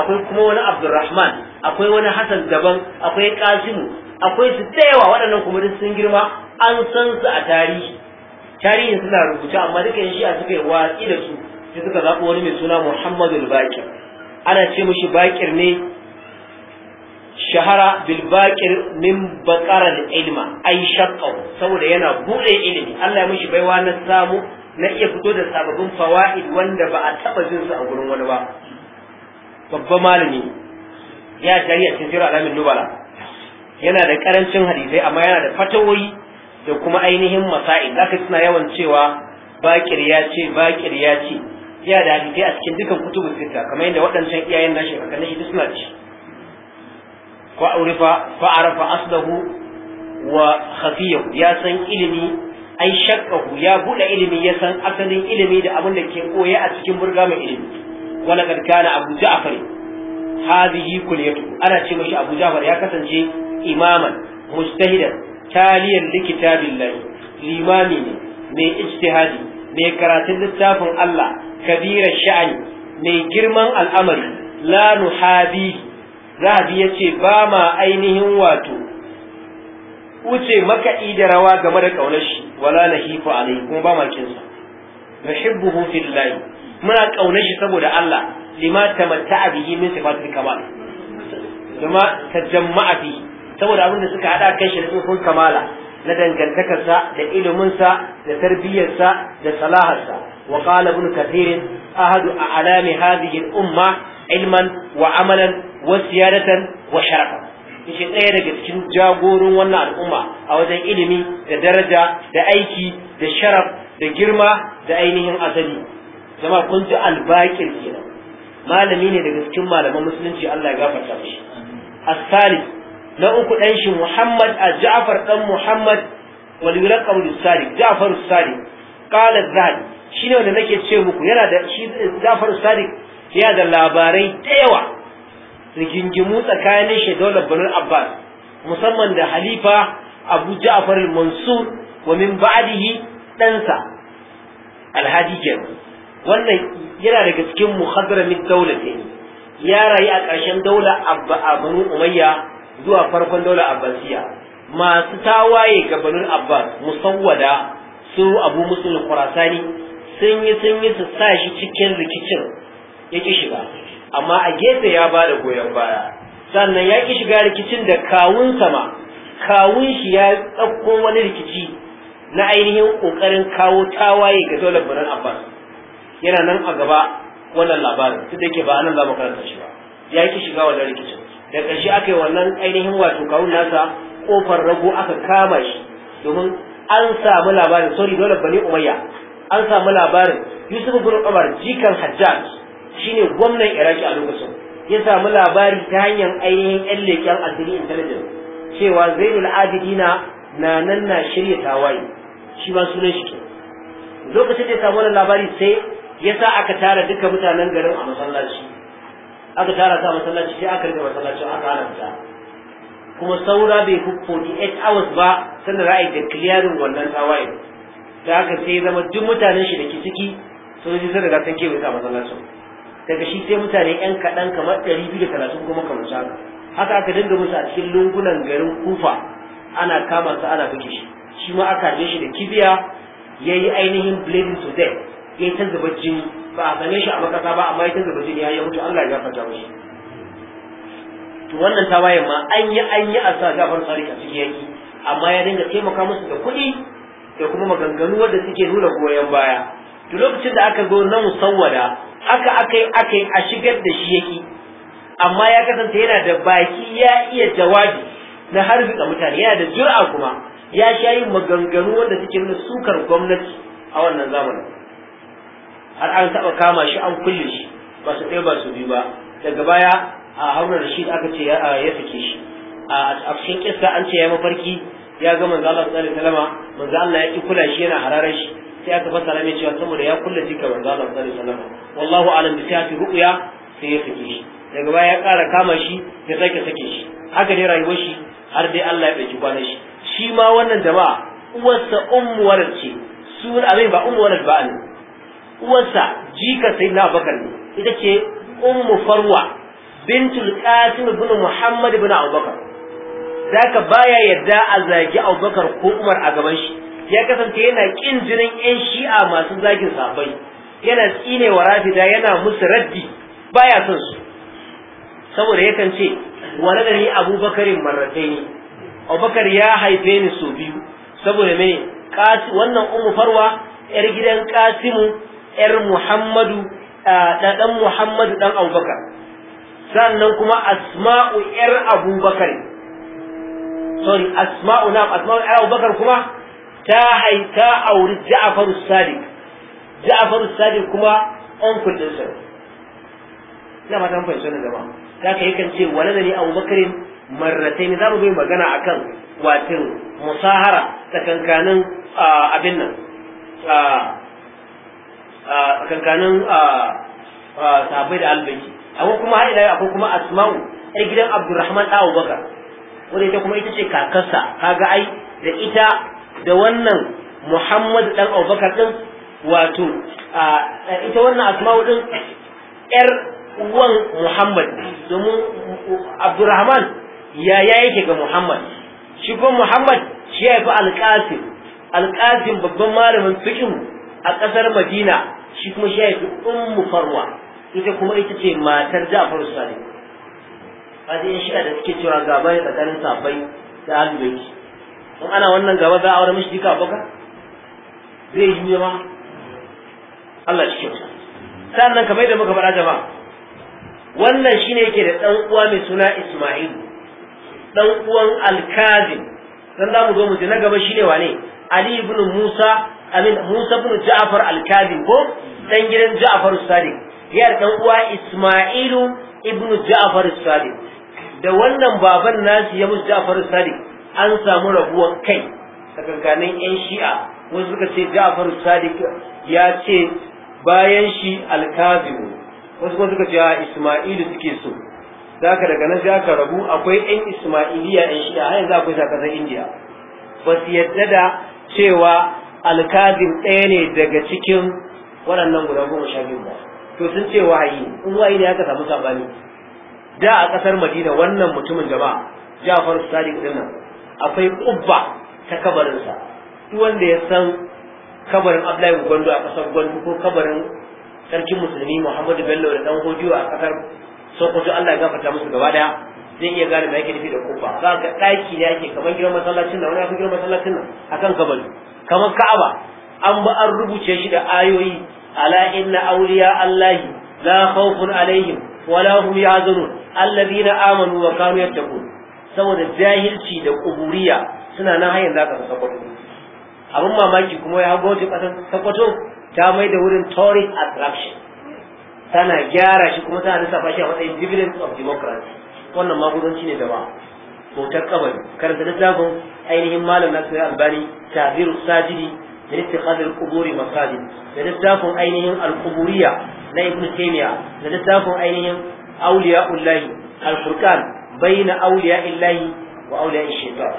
akwai kuma wani abdurrahman akwai wani hassan daban akwai kasimu akwai su waɗannan kuma duk sun girma an san su a tarihi tarihin suna rubuce amma duka shi a suka yi watsi da su sai suka zaɓi wani mai suna muhammadul bakir ana ce mishi bakir ne shahara bil baqir min baqara ilma ay shaqqahu saboda yana bude ilimi Allah ya mishi baiwa na samu na iya fito da sababbin fawaid wanda ba a taɓa jin su a gurin wani ba babban malami ya shari'a cikin sirr alamin nubala yana da karancin hadisai amma yana da fatawoyi da kuma ainihin masail zaka suna yawan cewa bakir ya ce bakir ya ce ya da hadisai a cikin dukan kutubu sita kamar yadda waɗancan iyayen nashi kakannin shi suna ci fa aurifa fa arafa aslahu wa khafiyahu ya san ilimi ai shakkahu ya bude ilimi ya san asalin ilimi da abin da ke koya a cikin burga mai ilimi wala kad kana abu ja'far hadhihi kulliyatu ana ce mashi abu ja'far ya kasance imaman mujtahidan taliyan likitabillahi limami ne mai ijtihadi mai karatun littafin Allah kabira sha'ani mai girman al'amari la nuhabihi zahabi ya ce ba ma ainihin wato wuce makaɗi da rawa game da ƙaunar shi wala na hifa alai kuma ba ma kinsa nuhibbuhu fillahi muna ƙaunar shi saboda Allah lima tamatta'a bihi min sifatil kamal kuma jama'a bihi saboda abin da suka hada kai shi da sun kamala na dangantakarsa da iliminsa da tarbiyyarsa da salaharsa wa qala ibn kathir ahadu a'lami hadhihi al-umma ilman wa amalan wa siyadatan wa sharafa shi ɗaya daga cikin jagorin wannan al'umma a wajen ilimi da daraja da aiki da sharaf da girma da ainihin asali zama kun ji albaƙir kenan malami ne daga cikin malaman musulunci Allah ya gafarta mishi asali na uku dan shi Muhammad a Ja'far ɗan Muhammad wal yulaqabu bis-sadiq Ja'far as-sadiq qala az-zahabi shine wanda nake ce muku yana da shi Ja'far as-sadiq yana da labarai da yawa rigingimu tsakanin shi daular Banu Abbas musamman da Halifa Abu Ja'far al-Mansur wa min ba'dihi ɗansa Alhaji kenan wannan yana daga cikin muhadramin ne ya rayu a ƙarshen daula abu Umayya zuwa farkon daula Abbasiya masu tawaye ga Banu Abbas musawwada su Abu Muslim Khurasani sun yi sun yi su sa shi cikin rikicin ya ƙi shiga amma a gefe ya ba da goyon baya sannan ya ki shiga rikicin da kawun sama kawun shi ya ɗauko wani rikici na ainihin ƙoƙarin kawo tawaye ga dole birnin abbas yana nan a gaba wannan labarin duk da yake ba anan za mu karanta shi ba ya ki shiga wannan rikicin da ƙarshe aka yi wannan ainihin wato kawun nasa ƙofar rago aka kama shi domin an samu labarin sorry dole bani umayya an samu labarin yusuf bin umar jikan hajjaj shine gwamnan iraki a lokacin ya samu labari ta hanyar ainihin yan leƙen asiri intelligence cewa zainul abidina na nan na shirya tawaye shi ma sunan shi ke lokacin da ya samu labari sai ya sa aka tara duka mutanen garin a masallaci aka tara ta masallaci sai aka rika masallacin aka hana fita kuma saura bai fi 48 hours ba sannan ra'ayi da clearing wannan tawaye da haka sai zama duk mutanen shi da ke ciki sojoji sun riga sun kewaye ta masallacin daga shi sai mutane yan kaɗan kamar ɗari biyu da talatin kuma kamar haka haka aka dinga musu a cikin lungunan garin kufa ana kama su ana buge shi shi ma aka je shi da kibiya ya yi ainihin bleeding to death ya yi ta zuba jini ba a sane shi a makasa ba amma ya ta zuba jini ya mutu Allah ya faɗa mishi to wannan tawayen ma an yi an yi a sa gafar tsari a cikin yaki amma ya dinga taimaka musu da kuɗi da kuma maganganu wanda suke nuna goyon baya to lokacin da aka zo na musawwada aka aka aka a shigar da shi yake amma ya kasance yana da baki ya iya jawabi na harbi ga mutane yana da jura kuma ya sha yin maganganu wanda suke nuna sukar gwamnati a wannan zamanin har an taɓa kama shi an kulle shi ba su ɗaya ba su biyu ba daga baya a haunar rashid aka ce ya sake shi a cikin kissa an ce ya mafarki ya ga manzo Allah sallallahu alaihi wasallam manzo Allah ya kula shi yana hararar shi sai aka fassara mai cewa saboda ya kulle jika manzo Allah sallallahu alaihi wasallam wallahu alam bi sihhati ru'ya sai ya sake shi daga baya ya ƙara kama shi ya sake sake shi haka dai rayuwar shi har dai Allah ya ɗauki kwanan shi shi ma wannan jama'a uwarsa ummu walad ce sunan abin ba ummu walad ba ne uwarsa jika sayyidina Abubakar ne ita ce ummu farwa bintul qasim ibn muhammad ibn abubakar zaka baya yadda a zagi abubakar ko umar a gaban shi ya kasance yana kin jinin yan shi'a masu zagin sabai yana tsine wa rafida yana musu raddi baya son su saboda ya ce wani da ni abubakarin marratai ne abubakar ya haife ni so biyu saboda mene wannan umu farwa yar gidan kasimu yar muhammadu ɗan muhammadu ɗan abubakar sannan kuma asma'u yar abubakar sorry asma'u na asma'u yar abubakar kuma ta haita a wuri ja'afar Sadiq ja'afar Sadiq kuma an din sa ina ba ta mun ba. wannan jama'a yi yakan ce walada ne Abu Bakarin ne za mu bai magana akan watin musahara tsakankanin abin nan tsakankanin sabai da albaiki akwai kuma har ila akwai kuma asma'u ai gidan Abdulrahman Abu Bakar wanda ita kuma ita ce kakarsa kaga ai da ita da wannan Muhammad dan Abubakar din wato ita wannan Asma'u din yar uwan Muhammad domin Abdurrahman ya yake ga Muhammad shi kuma Muhammad shi ya fi Alƙasim Alƙasim babban malamin fikin a ƙasar Madina shi kuma shi ya fi ummu farwa ita kuma ita ce matar Ja'far Sadiq kaji in shi da suke cewa gaba ya tsakanin safai da ahlul in ana wannan gaba za a wani mishi dika abokan zai yi ma Allah shi kyauta sannan kamar yadda muka faɗa jama'a wannan shine yake da dan uwa mai suna Isma'il dan uwan Al-Kazim dan za mu zo mu ji na gaba shine wane Ali ibn Musa amin Musa ibn Ja'far Al-Kazim ko dan gidan Ja'far Sadiq ya dan uwa Isma'ilu ibn Ja'far Sadiq da wannan baban nasu ya musu Ja'far Sadiq an samu rabuwan kai tsakankanin yan shi'a wasu suka ce Ja'far Sadiq ya ce bayan shi al-Kazim wasu kuma suka ce Isma'il suke so zaka daga nan zaka rabu akwai yan Isma'iliya yan shi'a har yanzu akwai kasar Indiya. ba su yadda da cewa al-Kazim ɗaya ne daga cikin waɗannan guda goma sha biyu ba to sun ce wahayi in wahayi ne aka samu sabani da a ƙasar Madina wannan mutumin jama'a Ja'far Sadiq dinnan akwai kubba ta kabarinsa duk wanda ya san kabarin Abdullahi Gwandu a kasar Gwandu ko kabarin sarkin musulmi Muhammadu Bello da dan Hojiyo a kasar Sokoto Allah ya gafarta musu gaba daya zai iya gane me yake nufi da kubba za ka ɗaki ne yake kamar girman masallacin nan wani akwai gidan girman masallacin nan akan kabari kamar Ka'aba an ba an rubuce shi da ayoyi ala inna awliya allahi la khawfun alaihim wala hum yahzanun alladhina amanu wa kanu yattaqun saboda jahilci da kuburiya suna nan hanyar za ka sakwato abin mamaki kuma ya hago wata ƙasar sakwato ta mai da wurin tourist attraction tana gyara shi kuma tana da shi a matsayin dividends of democracy wannan magudanci ne da ba bautar kabari karanta littafin ainihin malam na ya albani tabiru sajidi da littafin kuburi masajid da littafin ainihin alkuburiya na ibn taymiya da littafin ainihin auliya ullahi alfurkan baina auliya illahi wa auliya shaitan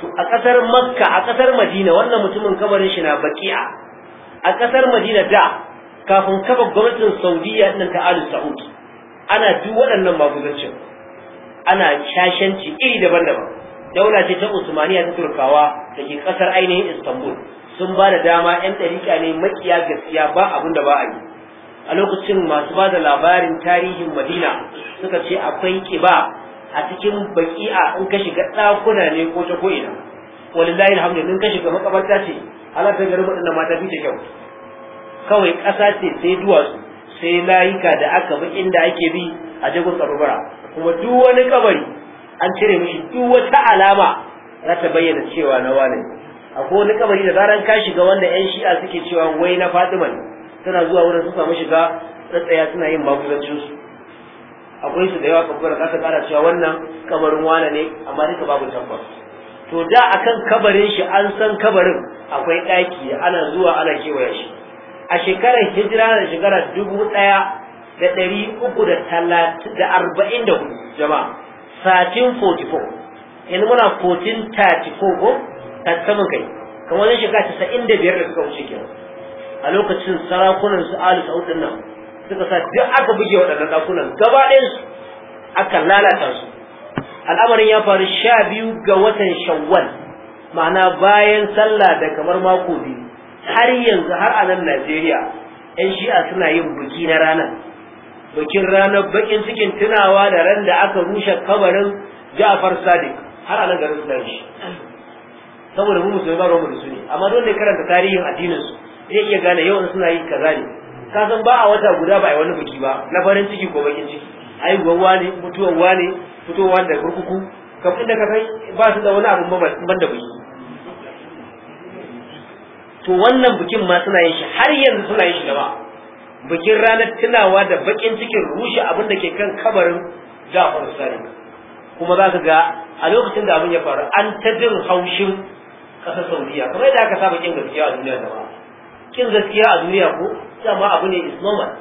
to a kasar makka a kasar madina wannan mutumin kabarin shi na baki'a a kasar madina da kafin kafa gwamnatin saudiya nan ta al sa'ud ana duk waɗannan maguzancin ana shashanci iri daban-daban daula ce ta usmaniya ta turkawa da ke kasar ainihin istanbul sun ba da dama 'yan ɗariƙa ne makiya gaskiya ba abin da ba a yi a lokacin masu ba da labarin tarihin madina suka ce akwai ba. a cikin baki'a in ka shiga ɗakuna ne ko ta ko ina walillahi alhamdu in ka shiga makabarta ce halaka garin da mata bi ta kyau kawai ƙasa ce sai duwatsu sai layuka da aka bi inda ake bi a jagon tsarubara kuma duk wani kabari an cire mishi duk wata alama za ta bayyana cewa na wane akwai wani kabari da zaran ka shiga wanda yan shi'a suke cewa wai na fatima tana suna zuwa wurin su samu shiga tsatsaya suna yin magudancin su akwai su da yawa kaburin aka kara cewa wannan kabarin wane ne amma duka babu tabbas to da akan kabarin shi an san kabarin akwai ɗaki ana zuwa ana kewaya shi a shekarar hijira da shekarar dubu ɗaya da ɗari uku da talatin da arba'in da hudu jama'a satin 44 in muna 1434 ko tattamin kai kamar wani shekara 95 da suka wuce kenan a lokacin sarakunan su alu sa'udin nan suka sa duk aka buge waɗannan ɗakunan gaba ɗayansu aka lalata su al'amarin ya faru sha biyu ga watan shawwal ma'ana bayan sallah da kamar mako biyu har yanzu har a nan najeriya 'yan shi'a suna yin buki na ranar bikin ranar bakin cikin tunawa da ran da aka rushe kabarin ja'far sadiq har a nan garin su shi saboda mu musulmi ba da su ne amma dole karanta tarihin addinin su iya gane yau suna yi kaza ne ka san ba a wata guda ba a wani buki ba na farin ciki ko bakin ciki aiwuwar wane mutuwar wane fitowa da kurkuku fi da ka kai ba su da wani abin ban da buki to wannan bikin ma suna yin shi har yanzu suna yin shi gaba bikin ranar tunawa da bakin cikin rushe abin da ke kan kabarin Ja'far Sadiq kuma za ka ga a lokacin da abin ya faru an ta jin haushin ƙasar Saudiya kamar yadda aka saba kin gaskiya a duniya da ba kin gaskiya a duniya ko dama abu ne is normal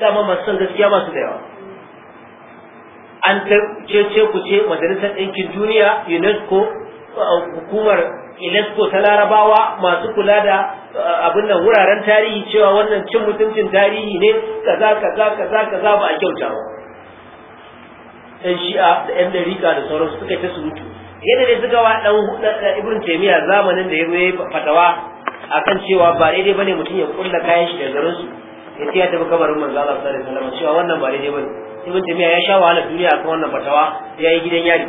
dama masu son gaskiya masu da yawa an ta ce ku ce majalisar ɗinkin duniya unesco hukumar unesco ta larabawa masu kula da eh, abin nan wuraren tarihi cewa wannan cin mutuncin tarihi ne kaza kaza kaza kaza ba a kyauta ba ɗan shi'a da ɗan dariƙa da sauransu suka ta surutu yadda ne suka wa ɗan ibn taimiyya zamanin da ya fatawa akan cewa ba daidai bane mutum ya kulla kayan shi da garin su ya tiya tafi kabarin manzo Allah sallallahu alaihi wasallam cewa wannan ba daidai bane ibn tamiya ya sha wahala duniya akan wannan fatawa ya yi gidan yari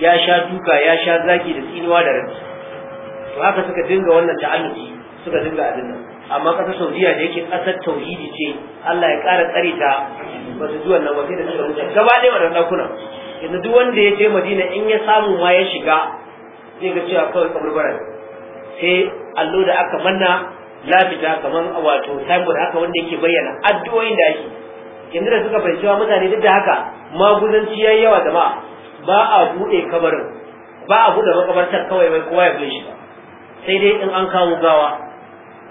ya sha duka ya sha zaki da tsinuwa da rabi to haka suka dinga wannan ta'alluki suka dinga abin nan amma kasar Saudiya da yake kasar tauhidi ce Allah ya ƙara tsare ta ba su zuwa nan Sai da su wuce gaba ɗaya wannan dakuna yanzu duk wanda ya je Madina in ya samu ma ya shiga zai ga cewa kawai kaburbara sai allo da aka manna lafita kamar wato da haka wanda yake bayyana addu'o'in da ake yanzu da suka fahimci mutane duk da haka maguzanci yayi yawa da ba a buɗe kabarin ba a buɗe makabartar kawai bai kowa ya bude shi sai dai in an kawo gawa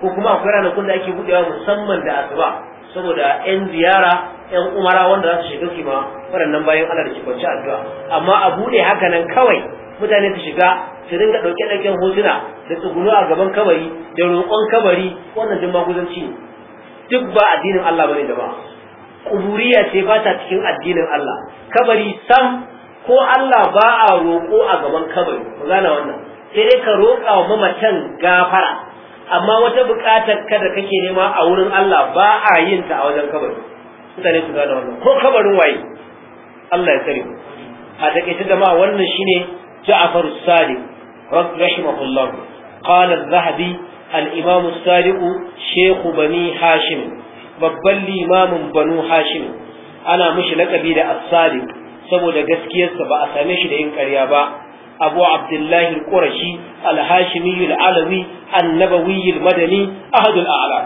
ko kuma akwai ranakun da ake buɗewa musamman da asuba saboda yan ziyara yan umara wanda za su shiga su ma waɗannan bayan ana da addu'a amma a buɗe haka nan kawai mutane su shiga su dinga ɗauke ɗauken hotuna da tsuguno a gaban kabari da roƙon kabari wannan duk maguzanci ne duk ba addinin Allah bane da ba, kuburiya ce ba ta cikin addinin Allah kabari sam ko Allah ba a roƙo a gaban kabari ku gane wannan sai dai ka roƙa wa mamacin gafara amma wata buƙatar ka da kake nema a wurin Allah ba a yin ta a wajen kabari mutane su gane wannan ko kabarin waye Allah ya tsare mu a da ma wannan shine جعفر الصادق رحمه الله قال الذهبي الإمام الصادق شيخ بني هاشم babban limamin banu hashim ana mishi lakabi da as saboda gaskiyarsa ba a same shi da yin ƙarya ba abu abdullahi al-qurashi al-hashimi al-alawi an-nabawi al-madani ahadul a'la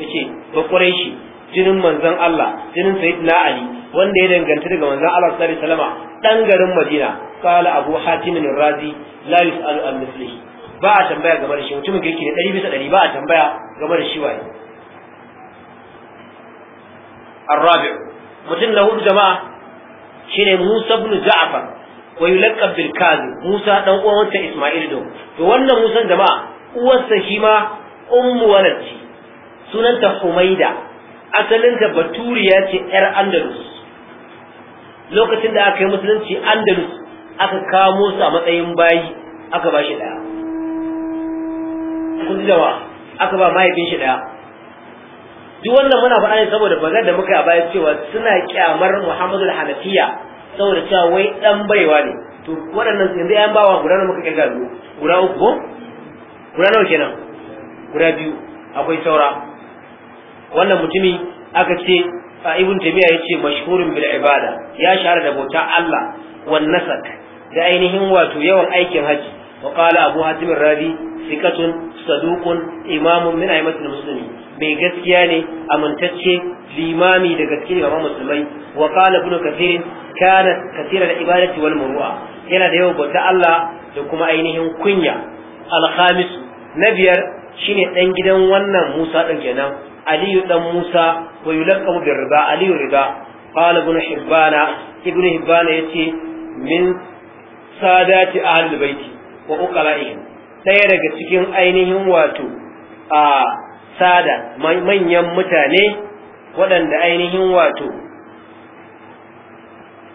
yace ba quraishi jinin manzon Allah jinin sayyidina ali wanda ya danganta daga manzon Allah sallallahu alaihi wasallam dan garin Madina qala Abu Hatim ar-Razi la yusalu an mislihi ba a tambaya game da shi mutumin kirki ne 100 bisa 100 ba a tambaya game da shi waye الرابع mutum na hudu jama'a shine Musa ibn Ja'far wa yulaqab bil Kazim Musa dan uwan wancan Isma'il do to wannan Musa jama'a uwarsa shi ma ummu walad sunanta Humaida asalin asalinta baturiya ce yar Andalus lokacin da aka yi musulunci andalus aka kamo su a matsayin bayi aka ba shi daya kun jawa aka ba mahaifin shi daya duk wannan muna faɗa ne saboda bazar da muka yi a baya cewa suna kyamar muhammadul hanafiya saboda cewa wai dan baiwa ne to waɗannan yanzu yan bawa guda nawa muka kirga su guda uku ko guda nawa kenan guda biyu akwai saura wannan mutumi aka ce ibn tabiya yace mashhurun bil ibada ya shahara da bauta Allah wan nasak da ainihin wato yawan aikin haji wa qala abu hatim rabi sikatun saduqun imamun min aimatul muslimin mai gaskiya ne amintacce limami da gaskiya ga musulmai wa qala ibn kathir kana kathira da ibadati wal murua yana da yawan bauta Allah da kuma ainihin kunya al khamis na biyar shine dan gidan wannan Musa din kenan Aliyu Musa, علي بن موسى ويلقب بالربا علي ربا قال ابن حبان ابن حبان يتي من سادات أهل البيت وأقرائهم ɗaya daga cikin ainihin wato a sada manyan mutane waɗanda ainihin wato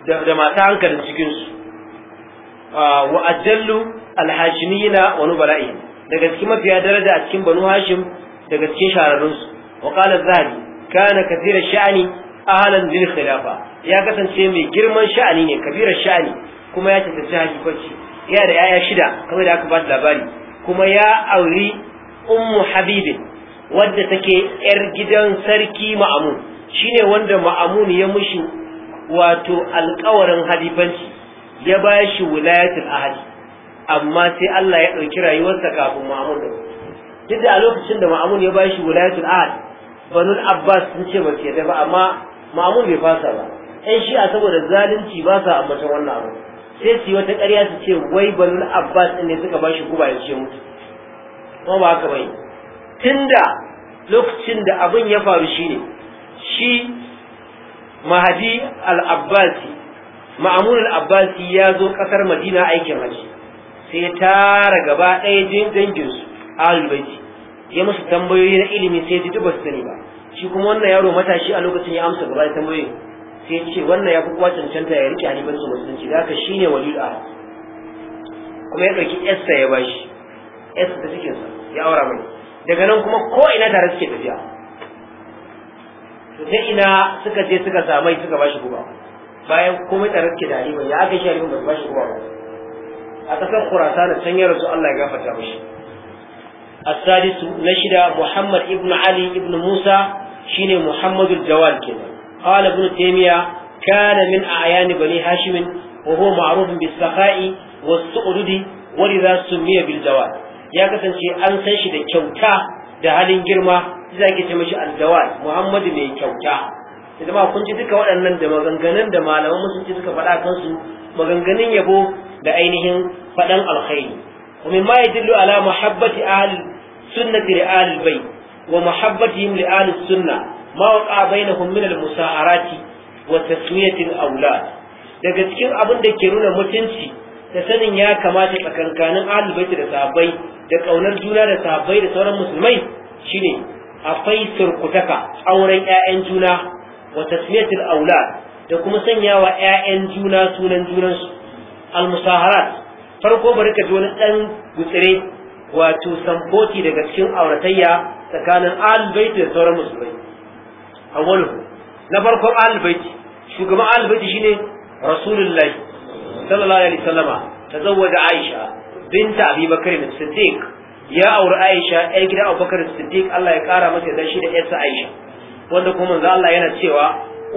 da masu hankalin cikinsu wa ajallu alhashimina wa nubala'ihim daga cikin mafiya daraja a cikin banu hashim daga cikin shahararrunsu وقال الذهبي كان كثير الشأن أهلا بالخلافة يا كسن شيء جرما شأني كبير الشأن كما يتسلسل هذه كل شيء يا رأي شدة كما يدعك بعد لاباري كما يا أولي أم حبيب wadda take ‘yar gidan sarki ma'amun shine wanda ma'amun ya mushi wato alkawarin halifanci ya ba shi wilayatul ahadi amma sai Allah ya ɗauki rayuwarsa kafin ma'amun da duk da a lokacin da ma'amun ya bashi wilayatul ahad banul abbas sun ce ba ke yarda ba amma ma'amun bai fasa ba shi shi'a saboda zalunci ba sa ambata wannan abu sai su yi wata ƙarya su ce wai banul abbas ɗin ne suka bashi guba ya ce mutu kuma ba haka bai tunda lokacin da abin ya faru shine shi mahadi al-abbasi ma'amun al-abbasi ya zo ƙasar madina aikin haji sai ya tara gaba ɗaya danginsu su baiti ya musu tambayoyi na ilimi sai ya ji ba su sani ba shi kuma wannan yaro matashi a lokacin ya amsa gaba da tambayoyin sai ya ce wannan ya fi kowa cancanta ya rike halifansu musulunci da haka shine wali a kuma ya ɗauki esta ya bashi esta ta cikinsa ya aura mai daga nan kuma ko ina tare suke tafiya to sai ina suka je suka samai suka bashi guba bayan komai tare suke da halifa ya aka shi halifa ba su bashi guba ba a ƙasar kurasa da can ya rasu Allah ya gafata mashi السادس نشد محمد ابن علي ابن موسى شيني محمد الجواد كده قال ابن تيمية كان من أعيان بني هاشم وهو معروف بالسخاء والسؤدد ولذا سمي بالجواد يا كسن شيء أن سنشد كوتا ده هل جرما إذا كنت مشي الجواد محمد من كوتا idan ma kun ji duka waɗannan da maganganun da malaman musulunci suka faɗa kansu maganganun yabo da ainihin faɗan alkhairi ومما يدل على محبة أهل Sunnatin لآل wa ومحبتهم لآل السنة ما وقع بينهم من المساعرات وتسمية الأولاد daga cikin abin da ke nuna mutunci da sanin ya kamata a tsakankanin alibaiti da sahabbai da ƙaunar juna da sahabbai da sauran musulmai shine akwai surkutaka auren 'ya'yan juna wa tasmiyatul aulad da kuma sanyawa 'ya'yan juna sunan junansu al musaharat farko bari ka ji wani ɗan gutsire wato samfoti daga cikin auratayya tsakanin albaiti da sauran musulmai awwalu na farkon albaiti shugaban albaiti shine rasulullahi sallallahu alaihi wasallama tazawwaja aisha binta abi bakr bin siddiq ya auri aisha ɗan gida abubakar siddiq Allah ya kara masa da shi da yarsa aisha wanda kuma manzo Allah yana cewa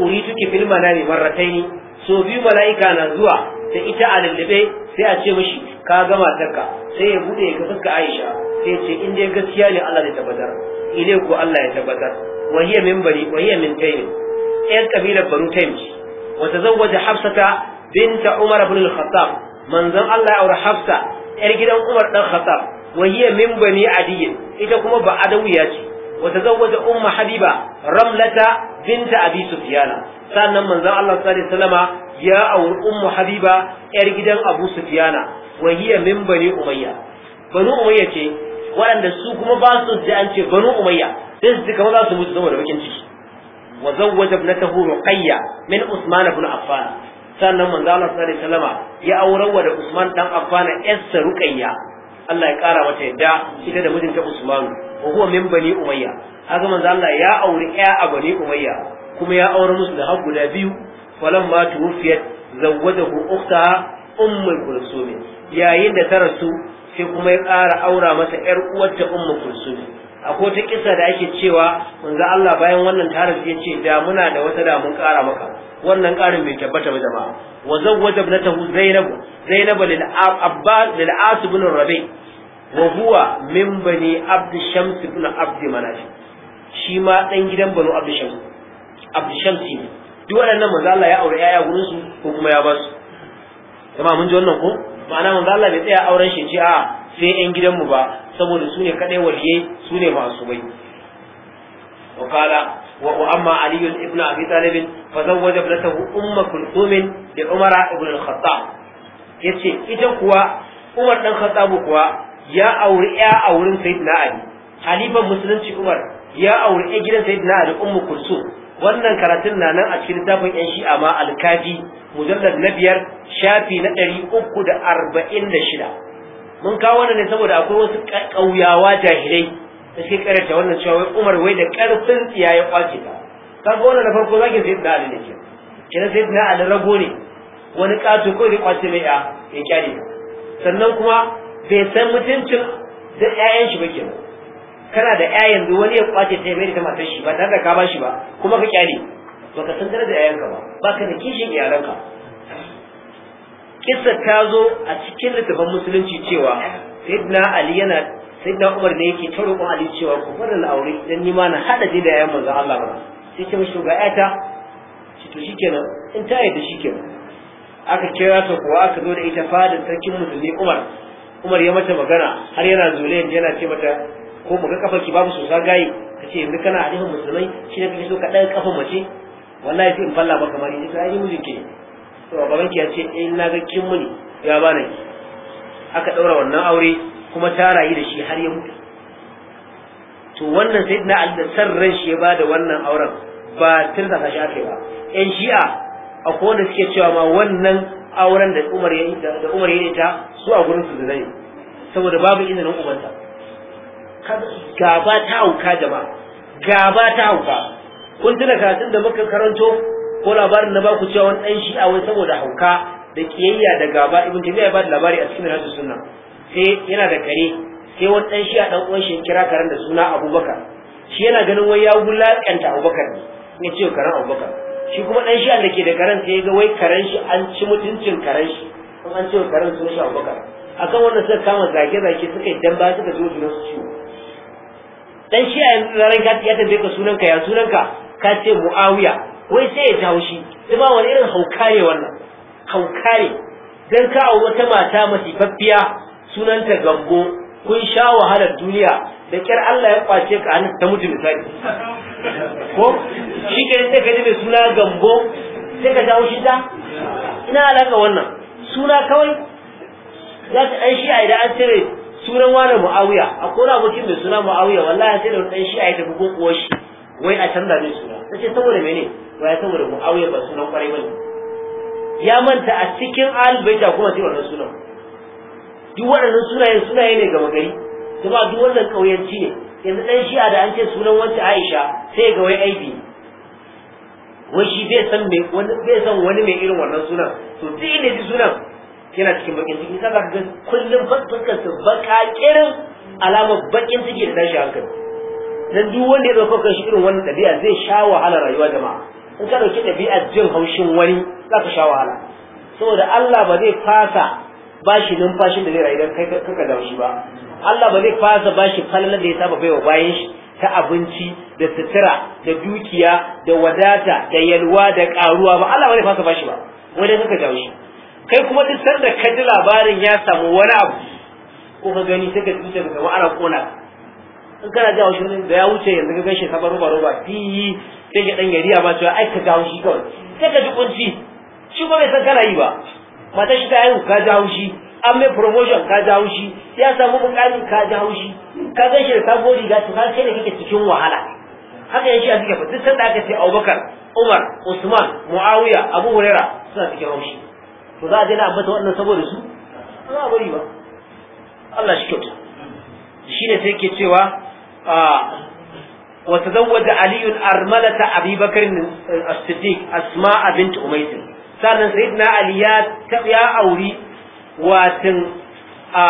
uritu ki fil manami marrataini so biyu mala'ika na zuwa da ita a lullube sai a ce mishi ka gama tarka sai ya bude ya fuska Aisha sai ce in dai gaskiya ne Allah ya tabbatar ile ko Allah ya tabbatar wahiya min bari wahiya min tayyib ɗayan kabilar Banu Taym wa tazawwaja Hafsata binta Umar ibn al-Khattab manzon Allah ya aure Hafsa yar gidan Umar dan Khattab wahiya min bani Adi ita kuma ba adawiya ce وتزوج أم حبيبة رملة بنت أبي سفيان sannan manzon Allah sallallahu alaihi wasallama ya auri Umma habiba yar gidan Abu Sufyana wa hiya min bani umayya banu umayya ce waɗanda su kuma ba su da an ce banu umayya sai su kamar za su mutu saboda bakin ciki wa zawwaja ibnatahu ruqayya min usman ibn affan sannan manzo Allah sallallahu alaihi wasallama ya aurawa da usman dan affan yarsa ruqayya Allah ya kara mata yadda ita da mijinta usman wa huwa min bani umayya haka manzo Allah ya auri ya a bani umayya kuma ya aure musu da har guda biyu falan ma tuwfiyat zawwadahu ukhtaha ummul kulsum yayin da ta rasu sai kuma ya ƙara aura mata uwar uwarta ummul kulsum akwai ta kisa da ake cewa manzo Allah bayan wannan tarin ya ce da muna da wata da mun ƙara maka wannan ƙarin bai tabbata ba jama'a wa zawwaja ibnatahu zainab zainab lil abbas lil as rabi' wa huwa min bani abd shams ibn abd manaf shi ma dan gidan banu abd shams abd shams ne duk waɗannan manzo Allah ya aure yaya gurin su ko kuma ya basu. su kuma mun ji wannan ko ma'ana manzo Allah bai tsaya auren shi ce a sai yan gidan mu ba saboda su ne kadai waliyai su ne masu bai wa qala وأما علي بن أبي طالب فزوج ابنته أم كلثوم لعمر بن الخطاب yace ita kuwa Umar dan Khattabu kuwa ya auri ya a wurin sayyidina ali halifan musulunci umar ya auri ya gidan sayyidina ali ummu kursu wannan karatun na nan a cikin littafin yan shi'a ma alkaji mujallad na biyar shafi na ɗari uku da arba'in da shida mun kawo wannan ne saboda akwai wasu ƙauyawa jahilai da suke karanta wannan cewa wai umar wai da ƙarfin tsiya ya kwace ta kaga wannan na farko zaki sayyidina ali ne ke kina sayyidina ali rago ne wani ƙato ko ne kwace mai ya ya kyale sannan kuma bai san mutuncin da ƴaƴan shi ba kenan kana da ƴa yanzu wani ya kwace ta mai da matar shi ba tare da ka ba shi ba kuma ka kyale ka san darajar ƴaƴanka ba ba ka da kishin iyalanka kissa ta zo a cikin littafin musulunci cewa sayyidina ali yana sayyidina umar ne yake ta roƙon ali cewa ku fara aure dan ni ma na hada da ƴaƴan manzon Allah ba sai ce mishi ga ƴata shi to shikenan in ta yarda shikenan aka kira ta kuwa aka zo da ita fadin sarkin musulmi umar Umar ya mata magana har yana da yana ce mata ko mu ga kafar ki babu sosa gayi kace yanzu kana hadisin musulmai shi ne kake so ka dan kafa mace wallahi sai in falla ba kamar ni sai ai mijin to baban ki ya ce eh na ga kin muni ya ki aka daura wannan aure kuma ta rayu da shi har ya mutu to wannan sai na da san ran shi ya bada wannan auren ba tirsa ta aka ba yan shi'a akwai wanda suke cewa ma wannan auren da Umar ya da Umar ya yi ta su a gurin su zai saboda babu izinin ubanta gaba ta auka, jama'a gaba ta auka. kun tuna karatun da muka karanto ko labarin na ku cewa wani dan a wai saboda hauka da kiyayya da gaba ibn tabi'a ba da labari a cikin rasul sunna sai yana da kare sai wani dan a dan uwan shi kira karen da suna Abubakar shi yana ganin wai ya kanta Abubakar ne ne ce karen Abubakar shi kuma dan shi da ke da karen sai ga wai karen shi an ci mutuncin karen shi kuma an ce karen sun shi bakar akan wannan suka kama zage-zage suka yi dan ba suka zo junan su ciwo dan shi a yanzu zaran ka ya tambaye ka sunan ka ya sunan ka ka ce muawiya wai sai ya jawo shi ima wani irin hauka ne wannan hauka ne dan ka wata mata masifaffiya sunanta gambo kun sha wahalar duniya da kyar Allah ya kwace ka hannun ta mutu misali ko shi ke sai ka ji mai suna gambo sai ka jawo shi ta ina alaka wannan suna kawai za ta ɗan shi'a idan an cire sunan wani mu'awiya a kona mutum mai suna mu'awiya wallahi sai da wani ɗan shi'a ya tafi ko kuwa shi wai a canza mai suna ta ce saboda mene wai saboda mu'awiya ba sunan kwarai ba ne ya manta a cikin albaita kuma sai wannan sunan duk waɗannan sunayen sunaye ne gama gari jama'a duk wannan kauyanci ne yanzu dan shi'a da an ce sunan wancan Aisha sai ga wai aibi wai shi bai san me wani bai san wani mai irin wannan sunan to duk inda ji sunan yana cikin bakin ciki sai ga kullum fuskar su baka kirin alamar bakin ciki da tashi hankali dan duk wanda ya dauka kan shi irin wannan dabi'a zai sha wahala rayuwa jama'a in ka dauki ɗabi'a jin haushin wani za ka sha wahala saboda Allah ba zai fasa ba shi numfashin da zai rayu idan kai ka dawo shi ba Allah ba zai fasa bashi falalar da ya saba baiwa bayan shi ta abinci da sutura da dukiya da wadata da yalwa da karuwa ba Allah ba zai fasa bashi ba wani suka jawo shi kai kuma duk sanda ka ji labarin ya samu wani abu ko ka gani sai ka tsince daga ana kona in kana jawo shi da ya wuce yanzu ka gaishe sabar roba roba Fi sai ka dan yariya ba bacewa. ai ka jawo shi kawai sai ka ji kunci shi ba bai san kana yi ba matar shi ta yi ka jawo shi an mai promotion ka ji haushi ya samu mukami ka ji haushi ka gan shi da sabo riga to ka sai da kake cikin wahala haka yanzu a cikin duk sanda aka ce Abubakar Umar Usman Muawiya Abu Huraira suna cikin haushi to za a je na ambata wannan saboda su ba a bari ba Allah shi kyauta shine sai ke cewa Aliyu وتزوج علي أرملة أبي بكر الصديق أسماء بنت sannan سألنا سيدنا علي ya auri. watin a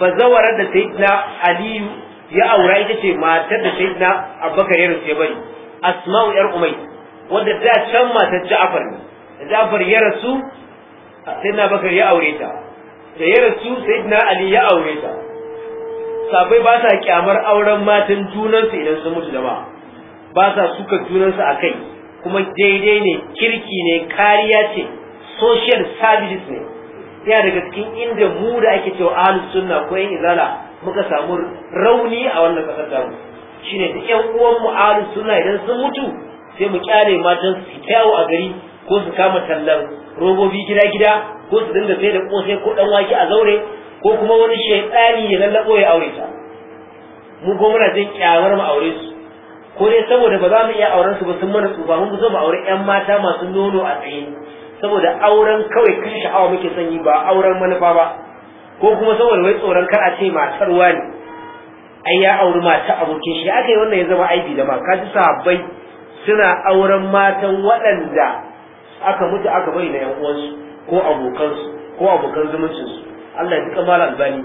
bazawarar da sayyidina aliyu ya aura ita ce matar da sayyidina abubakar ya rasu ya bari asma'u yar umai wanda da can matar ja'far ne ja'far ya rasu sayyidina bakar ya aure ta da ya rasu sayyidina ali ya aure ta sabai ba sa kyamar auren matan junansu idan sun mutu jama'a ba sa suka junansu a kai kuma daidai ne kirki ne kariya ce social services ne ya daga cikin inda mu da ake cewa ahlus sunna ko yan izala muka samu rauni a wannan kasar da mu shine da yan uwan mu ahlus sunna idan sun mutu sai mu kyale matan su kyawo a gari ko su kama tallan robobi gida gida ko su dinga sai da kosai ko dan wake a zaure ko kuma wani shaytani ya lallabo ya aure ta mu ko muna jin mu aure su ko dai saboda ba za mu iya auren su ba sun mana tsufa mun zo mu aure yan mata masu nono a tsaye saboda auren kawai kan sha'awa muke sanyi ba auren manufa ba ko kuma saboda wai tsoron kar a ce matar wani ai ya auri mata abokin shi aka yi wannan ya zama aiki da ma ka ji sahabbai suna auren matan waɗanda aka mutu aka bai na yan uwansu ko abokansu ko abokan zumuncinsu Allah ya duka mala albani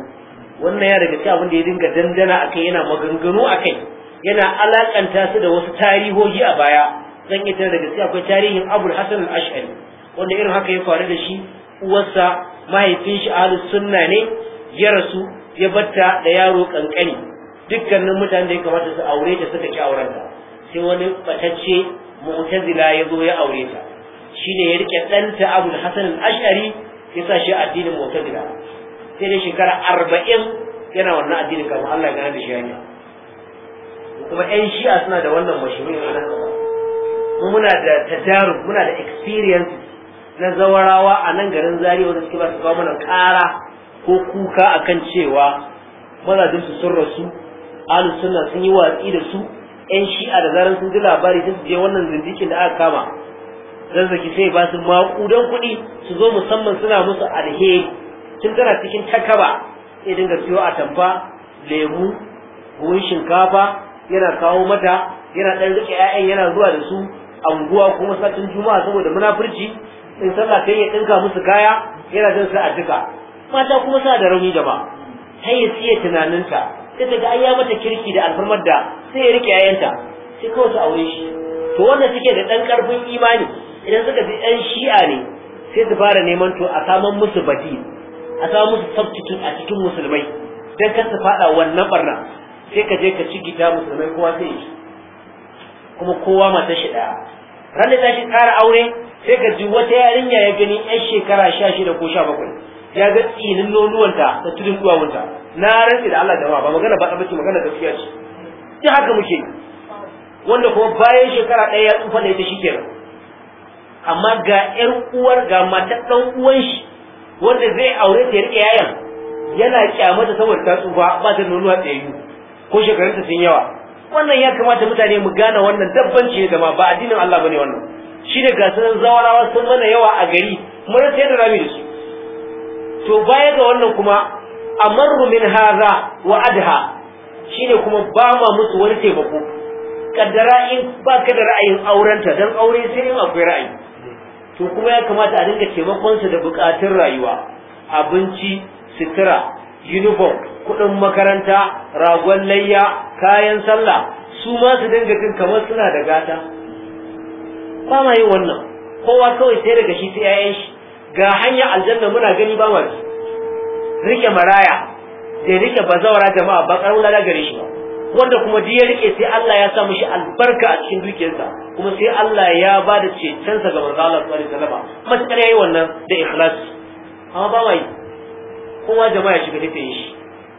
wannan ya daga cikin abin da ya dinga dandana akai yana maganganu akai yana alakanta su da wasu tarihohi a baya zan yi tare daga cikin akwai tarihin Abul Hasan al-Ash'ari wanda irin haka ya faru da shi uwarsa mahaifin shi ahlus sunna ne ya rasu ya batta da yaro kankani dukkanin mutanen da ya kamata su aure ta suka ki aurenta sai wani batacce mu'tazila ya zo ya aure ta shine ya rike ɗanta abul hasan al-ash'ari ya sa shi addinin mu'tazila sai da shekara arba'in yana wannan addinin kamar Allah ya gane da shi hanya kuma ɗan shi'a suna da wannan mashirin a nan muna da tajarub muna da experience na zawarawa a nan garin zari wanda suke ba su kawo mana ƙara ko kuka akan cewa mazajin su sun rasu alu suna sun yi watsi da su yan shi'a da zarar sun ji labari sun je wannan zindikin da aka kama zazzaki sai ba su maƙudan kuɗi su zo musamman suna musu alheri tun tana cikin takaba sai dinga siyo a tamfa lemu buhun shinkafa yana kawo mata yana ɗan rike 'ya'yan yana zuwa da su unguwa kuma satin juma'a saboda munafurci in sallah sai ya dinka musu kaya yana jin su a duka mata kuma sa da rauni da ba. sai ya tsiye tunaninta sai ta ga ai mata kirki da alfarmar da sai ya rike yayanta sai kawai su aure shi to wanda suke da dan karfin imani idan suka ji yan shi'a ne sai su fara neman to a saman musu bati, a saman musu substitute a cikin musulmai dan kar su fada wannan barna sai ka je ka ci gida musulmai kowa sai kuma kowa mata shi daya ranar da shi kara aure sai ka ji wata yarinya ya gani yan shekara sha shida ko sha bakwai ya ga tsinin nonuwanta da tudun duwawunta na rantsi da Allah da ba magana ba bace magana gaskiya ce ta haka muke wanda kuma bayan shekara ɗaya ya tsufa da ita shikenan amma ga ƴar uwar ga matar ɗan uwan shi wanda zai aure ta riƙe yayan yana kyamata saboda ta tsufa ba ta nonuwa tsayayyu ko shekarunta sun yawa wannan ya kamata mutane mu gane wannan dabbanci ne da ma ba addinin Allah bane wannan shi da gasanin zawarawa sun mana yawa a gari mara sai da rami da su to baya ga wannan kuma a marru min haza wa adha ne kuma ba ma musu wani taimako kaddara in ba ka da ra'ayin aurenta don aure sai yin akwai ra'ayi to kuma ya kamata a dinga taimakonsa da bukatun rayuwa abinci sutura uniform kudin makaranta ragon layya kayan sallah su ma su kamar suna da gata ba ma yin wannan kowa kawai sai daga shi sai yayan shi ga hanya aljanna muna gani ba ma rike maraya da rike bazawara jama'a ba karu lada gare shi ba wanda kuma duk ya rike sai Allah ya sa mishi albarka a cikin dukiyarsa kuma sai Allah ya ba da sa ga manzo Allah sallallahu alaihi wasallam matakar yayi wannan da ikhlasi amma ba wai yi kowa jama'a ya shiga tafiyin shi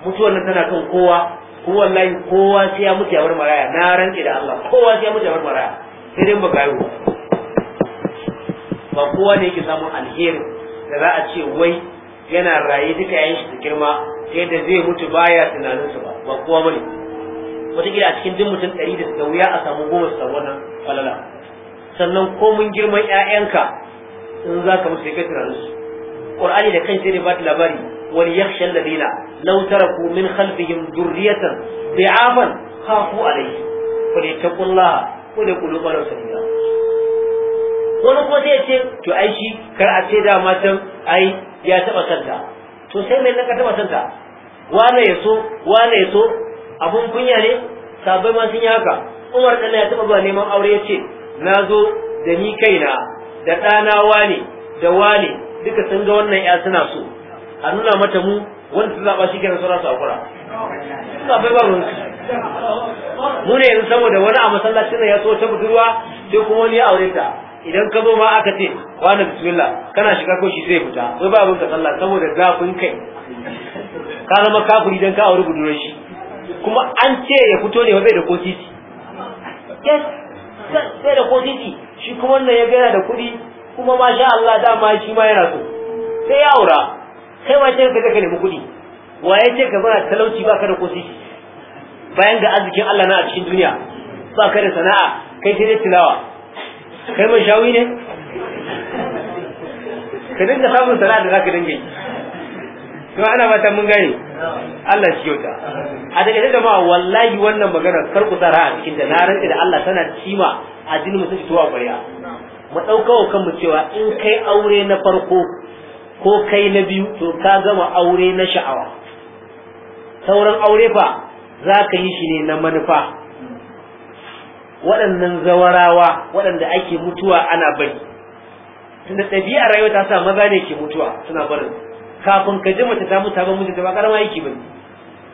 mutuwar nan tana kan kowa ko wallahi kowa sai ya mutu ya bar maraya na rantsi da Allah kowa sai ya mutu ya bar maraya sai dai ba gayo ba kowa ne yake samun alheri da za a ce wai yana raye duka yayin shi da girma sai da zai mutu baya tunaninsu ba ba kowa bane wataƙila a cikin duk mutum ɗari da da wuya a samu goma su samu wannan falala sannan ko mun girman ƴaƴanka in za ka mutu kai tunanin su qur'ani da kanta ne ba ta labari wani yakhsha alladhina law taraku min khalfihim dhurriyatan bi'afan khafu alayhi fa yattaqullaha wa yaqulu qawlan sadida wani kuma zai ce to ai shi kar a ce da matan ai ya taba santa to sai mai naka taba santa wane ya so wane ya so abun kunya ne sabai ma sun yi haka umar dan ya taba ba neman aure ya ce na zo da ni kaina da ɗana wane da wane duka sun ga wannan ya suna so a nuna mata mu wanda ta zaɓa shi kenan sauransu a kura sabai ba ruwansu mu ne yanzu saboda wani a masallacin ya so ta budurwa sai kuma wani ya aure ta idan ka zo ma aka ce wani bismillah kana shiga ko shi zai fita sai ba abinka sallah saboda zafin kai ka zama kafiri idan ka auri budurar shi kuma an ce ya fito ne bai da ko titi yes sai da ko titi shi kuma wannan ya gana da kuɗi kuma masha Allah dama shi ma yana so sai ya aura kai ma ce ka ka nemi kuɗi wa ya ce ka bana talauci ba ka da ko titi bayan ga arzikin Allah na a cikin duniya baka ka da sana'a kai sai tilawa kai mai shawi ne ka dinga samun sana'a da za ka dinga yi to ana mata mun gane Allah shi yauta a daga da ma wallahi wannan magana kar ku tsara a cikin da na da Allah tana cima addinin musulunci tuwa ƙwarya mu ɗaukawa kanmu cewa in kai aure na farko ko kai na biyu to ka gama aure na sha'awa sauran aure fa za ka yi shi ne na manufa waɗannan zawarawa waɗanda ake mutuwa ana bari tunda ɗabi'ar rayuwa ta sa maza ne ke mutuwa suna barin kafin ka ji mace ta mutu ba mutu ta ba karama yake bane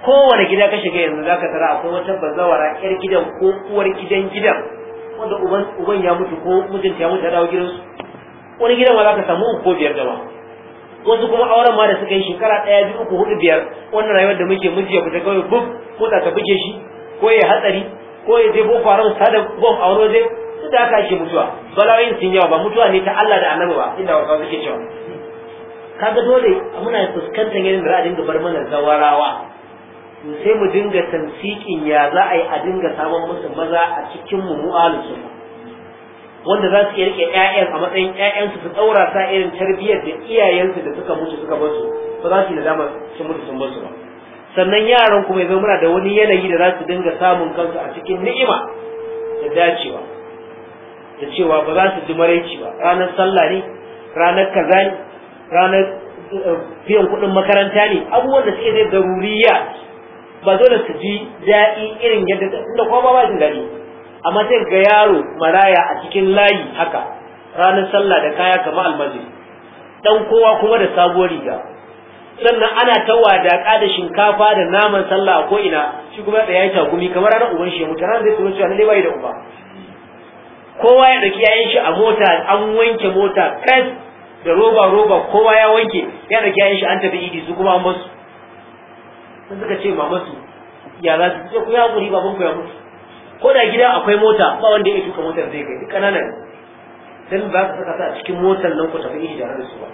kowane gida ka shiga yanzu ka tara akwai wata bazawara yar gidan ko uwar gidan gidan wanda uban uban ya mutu ko mijinta ya mutu ya dawo gidansu wani gidan ma ka samu ko biyar da ba wasu kuma auren ma da suka yi shekara ɗaya biyu uku hudu biyar wannan rayuwar da muke miji ya fita kawai buk ko ta buge shi ko ya hatsari ko ya je boko haram sa da bom a wani waje su da aka ake mutuwa bala'o'in sun yawa ba mutuwa ne ta Allah da annabi ba inda wasu suke cewa kaga dole muna fuskantar yadda za a dinga bar mana zawarawa sai mu dinga tamsikin ya za a yi a dinga samun musu maza a cikin mu wanda za su iya rike ƴaƴan a matsayin ƴaƴan su su daura sa irin tarbiyyar da iyayensu da suka mutu suka basu ba za su yi damar su mutu sun basu ba sannan yaran kuma ya muna da wani yanayi da za su dinga samun kansu a cikin ni'ima da dacewa da cewa ba za su ji maraici ba ranar sallah ne ranar kaza ne ranar eh, biyan kuɗin makaranta ne abubuwan da suke zai daruriya ba dole su ji daɗi irin yadda inda kuma ba jin daɗi amma sai ga yaro maraya a cikin layi haka ranar sallah da kaya kamar almajiri dan kowa kuma da sabuwar riga sannan ana ta wadaƙa da shinkafa da naman sallah a ko ina shi kuma da yi takumi kamar ranar uban shi mutan ran zai tsoro cewa lalle bai da uba kowa ya daki yayin shi a mota an wanke mota kas da roba roba kowa ya wanke ya daki yayin shi an tafi idi su kuma an basu sun suka ce mama su ya za su ce ku ya guri baban ku ya mutu ko da gida akwai mota ba wanda ya tuka motar zai kai duk ƙananan dan ba ka saka ta a cikin motar nan ku tafi idi da su ba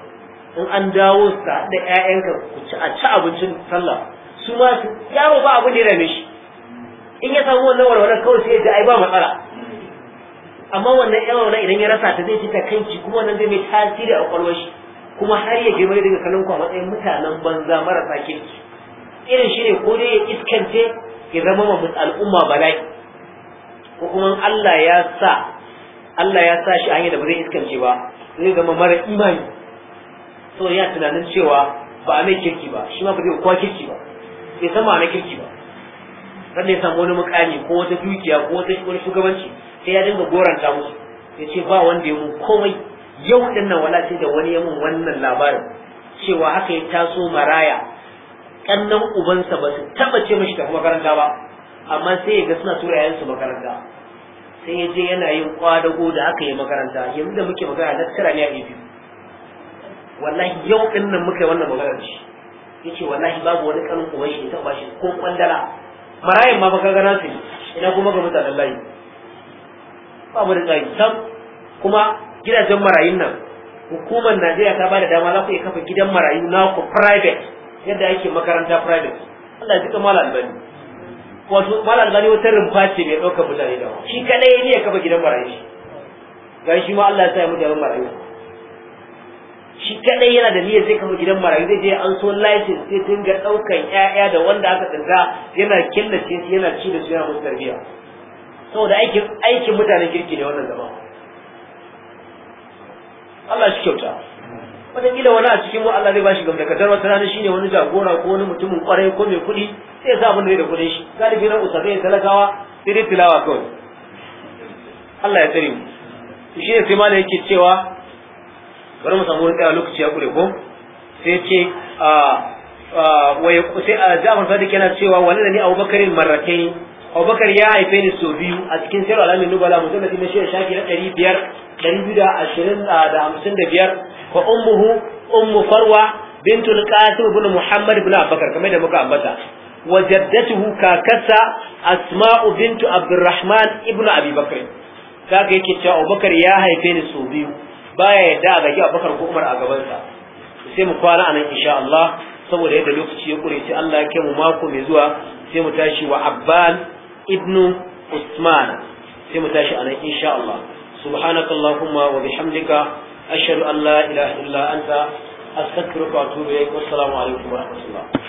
in an dawo su da ƴaƴanka ku ci a ci abincin sallah su ma yaro ba abin da ya dame shi in ya samu wannan walwalar kawai sai ya ji ai ba matsala amma wannan ƴan walwalar idan ya rasa ta zai ji kanki kuma wannan zai mai tasiri a ƙwaƙwalwar shi kuma har ya girma daga kallon ku a matsayin mutanen banza marasa kirki irin shi ne ko dai ya iskance ya zama ma al'umma bala'i ko kuma Allah ya sa Allah ya sa shi a hanyar da ba zai iskance ba zai zama mara imani so ya tunanin cewa ba a mai kirki ba shi ma ba zai kuwa kirki ba sai san na kirki ba ran ne ya samu wani mukami ko wata dukiya ko wata wani shugabanci sai ya dinga goranta musu ya ce ba wanda ya mun komai yau din nan wala sai da wani ya mun wannan labarin cewa haka ya taso maraya kannan ubansa ba su taba ce mishi tafi makaranta ba amma sai ya ga suna tura yayansu makaranta sai ya je yana yin kwadago da aka yi makaranta yanzu da muke magana na tsira ne a ibi wallahi yau din nan muka yi wannan magana da shi yace wallahi babu wani kanin kuma shi ta bashi ko kwandala marayin ma baka gana su ina kuma ga mutanen layi ba mu da tsari sam kuma gidajen marayun nan hukumar Najeriya ta bada dama za ku iya kafa gidan marayu na ku private yadda ake makaranta private Allah ya jika malam albani wato malam albani wata rumfa ce mai ɗaukar mutane da shi kadai ne ya kafa gidan marayu shi ga shi ma Allah ya sa ya da marayu shi kadai yana da niyyar zai kama gidan marayu zai je an so license sai ga daukan ƴaƴa da wanda aka tsinta yana killace su yana ci da su yana musu tarbiyya saboda aikin aikin mutanen kirki ne wannan zama Allah shi kyauta wataƙila wani a cikin mu Allah zai bashi gamdakatar wata rana shine wani jagora ko wani mutumin kwarai ko mai kuɗi sai ya sa abin da da shi galibi na usafai talakawa sai dai tilawa kawai Allah ya tsare mu shi ne sai ma yake cewa bari mu samu wurin tsaya lokaci ya kure ko sai ce wa ya kusa a Ja'far Sadiq yana cewa walada ni Abu Bakarin marratayn Abu Bakar ya haife ni so biyu a cikin sirr alamin nubala mujalladi na shirin shafi na ɗari biyar. Ɗari 220 da ashirin da hamsin 55 wa ummuhu ummu farwa bintul qasim ibn muhammad ibn abubakar kamar da muka ambata wa jaddatuhu kakasa asma'u bintu abdurrahman ibn abi bakr kaga yake cewa abubakar ya haife ni so biyu baya yadda a zagi Abubakar ko Umar a gabansa sai mu kwana anan insha Allah saboda yadda lokaci ya kure sai Allah ya kai mu mako mai zuwa sai mu tashi wa Abban ibnu Usman sai mu tashi anan insha Allah subhanakallahumma wa bihamdika ashhadu an la ilaha illa anta astaghfiruka wa atubu ilaik wassalamu alaikum wa rahmatullah